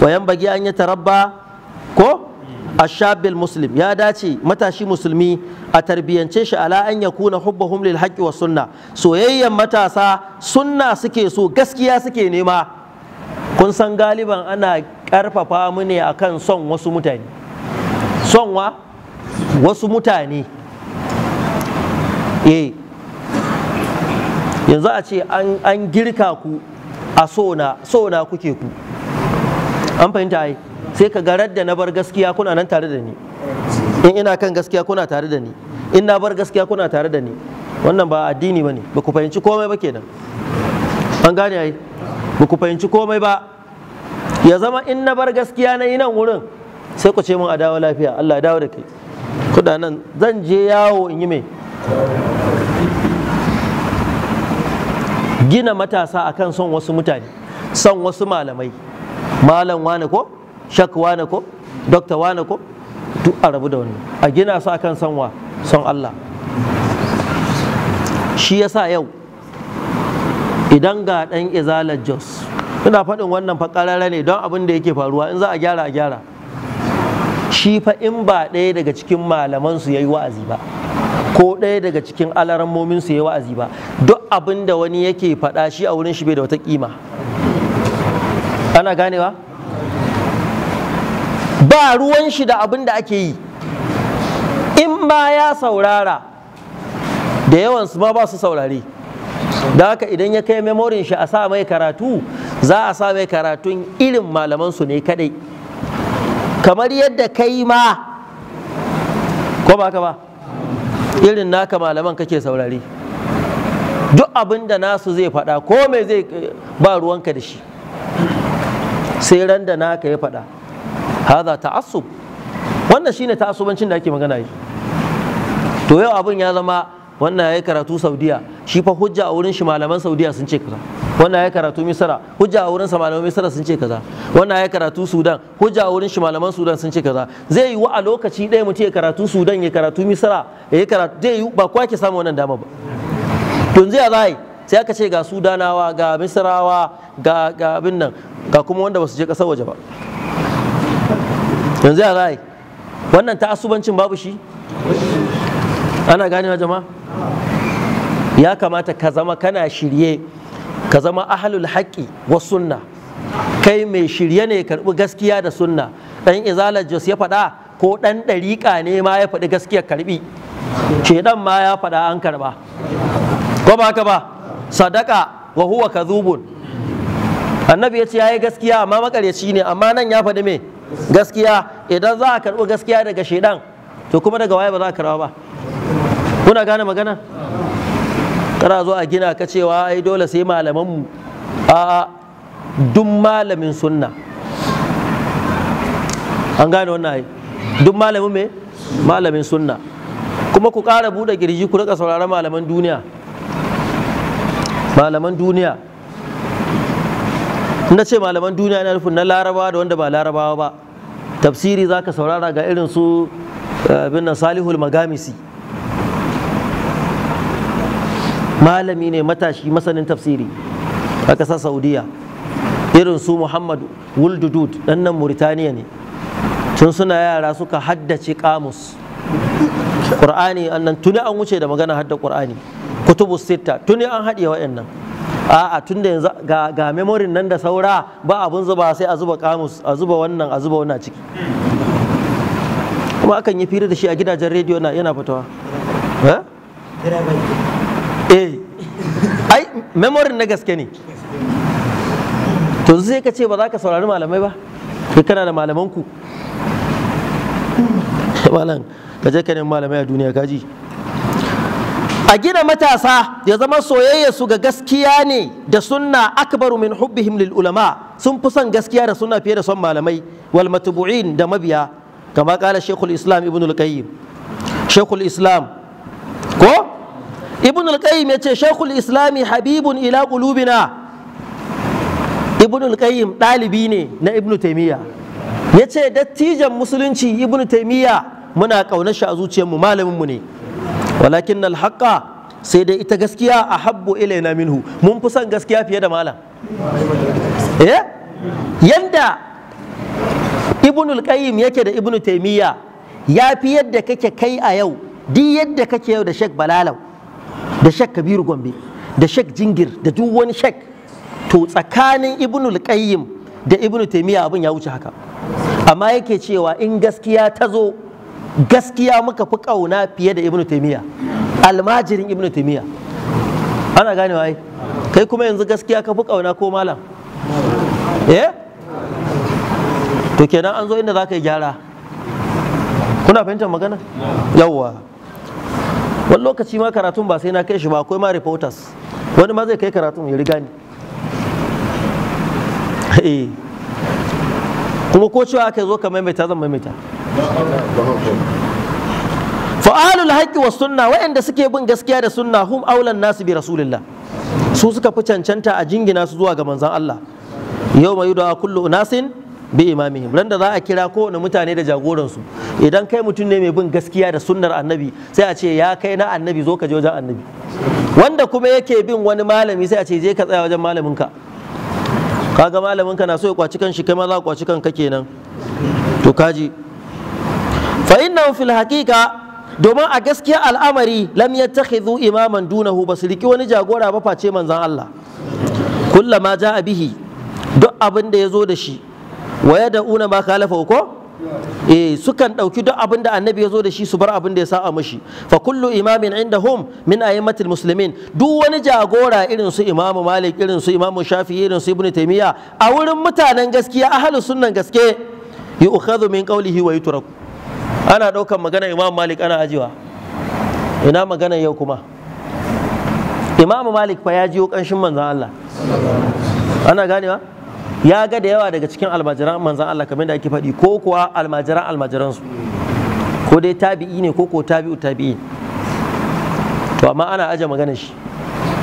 'yan bagi an yi tarabba ko ashabil muslim ya dace matashi musulmi a tarbiyance shi ala an ya kuna hubba lil haƙƙi was sunna soyayyen matasa sunna suke so gaskiya suke nema kun san galiban ana karfafa mu ne akan son wasu mutane son wa wasu mutane eh yanzu a ce an girka ku a sona sona kuke ku an fahimta ai sai ka garar da na bar gaskiya kuna nan tare da ni in ina kan gaskiya kuna tare da ni in na bar gaskiya kuna tare da ni wannan ba addini ba ne ba ku fahimci komai ba kenan an gane ai ba ku fahimci komai ba ya zama in na bar gaskiya na yi nan wurin sai ku ce mun a dawo lafiya Allah ya dawo da kai kudanan zan je yawo in yi mai gina matasa akan son wasu mutane son wasu malamai malam wane ko shak wane ko dokta wane ko duk a rabu da wani a gina su akan son wa son Allah shi ya sa yau idan ga ɗan izalar jos ina faɗin wannan fakarare ne don abin da yake faruwa in za a gyara a gyara shi fa in ba ɗaya daga cikin malamansu ya yi wa'azi ba ko ɗaya daga cikin alarammomin su ya wa'azi ba duk abin da wani yake faɗa shi a wurin shi bai da wata kima ana ganewa ba ruwan shi da abin da ake yi in ba ya saurara da yawan su ma ba su saurare da haka idan ya kai memorin shi a sa mai karatu za a sa mai karatun irin malaman su ne kadai kamar yadda kai ma ko ba ka ba irin naka malaman kake saurari? duk abin da nasu zai faɗa ko mai zai ba ruwanka da shi sai ran da naka ya faɗa haza ta'assub wannan shine ta'assubancin da ake magana yi to yau abin ya zama wannan ya karatu saudiya shi fa hujja a wurin shi malaman saudiya sun ce kaza wannan ya karatu misra hujja a wurin sa malaman misra sun ce kaza wannan ya karatu sudan hujja a wurin shi malaman sudan sun ce kaza zai yi wa a lokaci ɗaya mutum ya karatu sudan ya karatu misra ya karatu zai yi ba kwa ke samu wannan dama ba to zai yi sai aka ce ga sudanawa ga misrawa ga ga abin nan ga kuma wanda ba su je kasar waje ba yanzu ya yi wannan ta asubancin babu shi ana ganewa jama'a ya kamata ka zama kana shirye ka zama ahalul haƙƙi wa sunna kai mai shirye ne karɓi gaskiya da sunna ɗan izalar jos ya faɗa ko ɗan ɗariƙa ne ma ya faɗi gaskiyar karɓi ɗan ma ya faɗa an karɓa ko ba ka ba sadaka wa huwa kadhubun annabi ya ce ya yi gaskiya amma makaryaci ne amma nan ya faɗi me gaskiya idan za a karɓi gaskiya daga shedan to kuma daga waye ba za a karɓa ba kuna gane magana kana zo a gina ka cewa ai dole sai malaman mu a duk malamin sunna an gane wannan ai duk malamin me malamin sunna kuma ku ƙara buɗe girji ku rika sauraron malaman duniya malaman duniya na ce malaman duniya na nufin na larabawa da wanda ba larabawa ba tafsiri za ka saurara ga irin su eh, abin nan salihul magamisi malami ne matashi masanin tafsiri a ƙasar saudiya irin su muhammad wuldudud ɗan nan Muritaniya ne tun suna yara suka haddace kamus ƙur'ani annan tuni an wuce da magana hadda ƙur'ani kutubu sitta tuni an haɗe a a'a tun da yanzu ga, ga memorin nan da saura ba abun zuba sai a zuba kamus a zuba wannan a zuba wannan ciki kuma akan yi fira da shi a gidajen rediyo yana fitowa. Eh? eh ai memory na gaske ne to sai ka ce ba za ka saurari malamai ba kai kana da malaman malam ka je ka malamai a duniya kaji a gina matasa ya zama soyayya su ga gaskiya ne da sunna akbaru min hubbihim lil ulama sun fi son gaskiya da sunna fiye da son malamai wal matbu'in da mabiya kama kala shekul islam ibn al qayyim shekul islam ko ibn al-qayyim yace shaykhul islami habibun ila qulubina ibn al-qayyim dalibi ne na ibn taymiya yace dattijan musulunci ibn taymiya muna kaunar shi a zuciyarmu malamin mu ne walakin al-haqqa sai dai ita gaskiya a habbu ilaina minhu mun fi son gaskiya fiye da malam eh? yanda ibn al-qayyim yake da ibn taymiya ya fi yadda kake kai a yau duk yadda kake yau da shek Balalau da shek kabiru gombe da shek jingir da duk wani shek to tsakanin ibnul qayyim da ibnu taimiyya abin ya wuce haka amma yake cewa in gaskiya ta zo gaskiya muka fi ƙauna fiye da ibnu taimiyya almajirin ibnu taimiyya ana gane ai kai kuma yanzu gaskiya ka fi ƙauna ko malam eh to kenan an zo inda za ka yi gyara kuna fahimtar magana yawwa wani lokaci ma karatun ba sai na kai shi ba akwai ma reporters wani ma zai kai karatun ya riga ni eh. kuma ko cewa aka zo ka maimaita zan maimaita fa'alul haqqi was sunna waɗanda suke bin gaskiya da sunna hum aulan nasu bi rasulillah su suka fi cancanta a jingina su zuwa ga manzon Allah yau mai da kullu unasin bi imamihim ran da za a kira kowane mutane da jagoransu idan kai mutum ne mai bin gaskiya da sunnar annabi sai a ce ya kai na annabi zo ka je wajen annabi wanda kuma yake bin wani malami sai a ce je ka tsaya wajen malaminka kaga malaminka na so ya kwaci kanshi kai ma za ka kwaci kanka kenan to kaji fa innahu fil haqiqa domin a gaskiya al'amari lam yattakhidhu imaman dunahu basu riki wani jagora ba face manzon Allah kullama ja'a bihi duk abin da ya zo da shi wa da'una ma khalafa ko eh sukan ɗauki duk abin da annabi ya zo da shi su bar abin da ya sa'a mushi fa kullu imamin indahum min a'immatil muslimin duk wani jagora irin su imamu malik irin su imamu shafi, irin su ibnu taymiya a wurin mutanen gaskiya ahli sunnan gaske yu'khadhu min qawlihi wa yutrak ana daukan magana imamu malik ana ajiwa ina magana yau kuma imamu malik fa ya jiyo ƙanshin manzon Allah ana ganewa ya ga da yawa daga cikin almajiran manzan Allah kamar da ake faɗi ko kuwa almajiran almajiransu. ko dai tabi'i ne ko ko tabi'u tabi'i to amma ana aje magana shi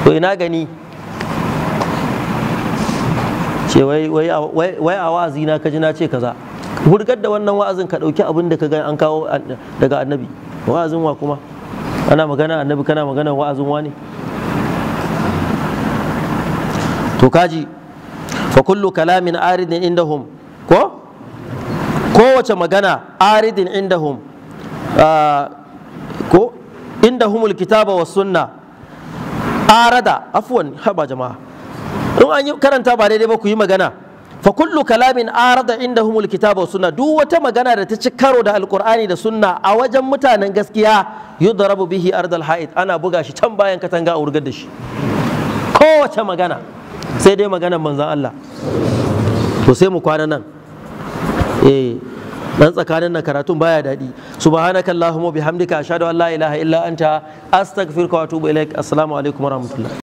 to ina gani ce wai a wa'azi na kaji na ce kaza burgar da wannan wa'azin ka ɗauki abin da ka ga an kawo daga annabi wa'azin wa kuma ana magana annabi kana magana wa'azin wa ne to kaji fa kullu kalamin aridin indahum ko kowace magana aridin indahum ah, ko inda humul kitaba wa sunna arada afwan haba jama'a in an yi karanta ba daidai ba ku yi magana fa kullu kalamin arada inda humul kitaba wa sunna duk wata magana da ta ci karo da alqur'ani da sunna a wajen mutanen gaskiya yudrabu bihi ardal ha'id ana buga shi can bayan katanga a wurgar da shi kowace magana sai dai maganar manzan Allah to sai mu kwana nan eh dan tsakanin na karatun baya daɗi subhanaka allahumma bihamdika ashhadu an la ilaha illa anta astaghfiruka wa atubu ilaik assalamu alaikum wa rahmatullah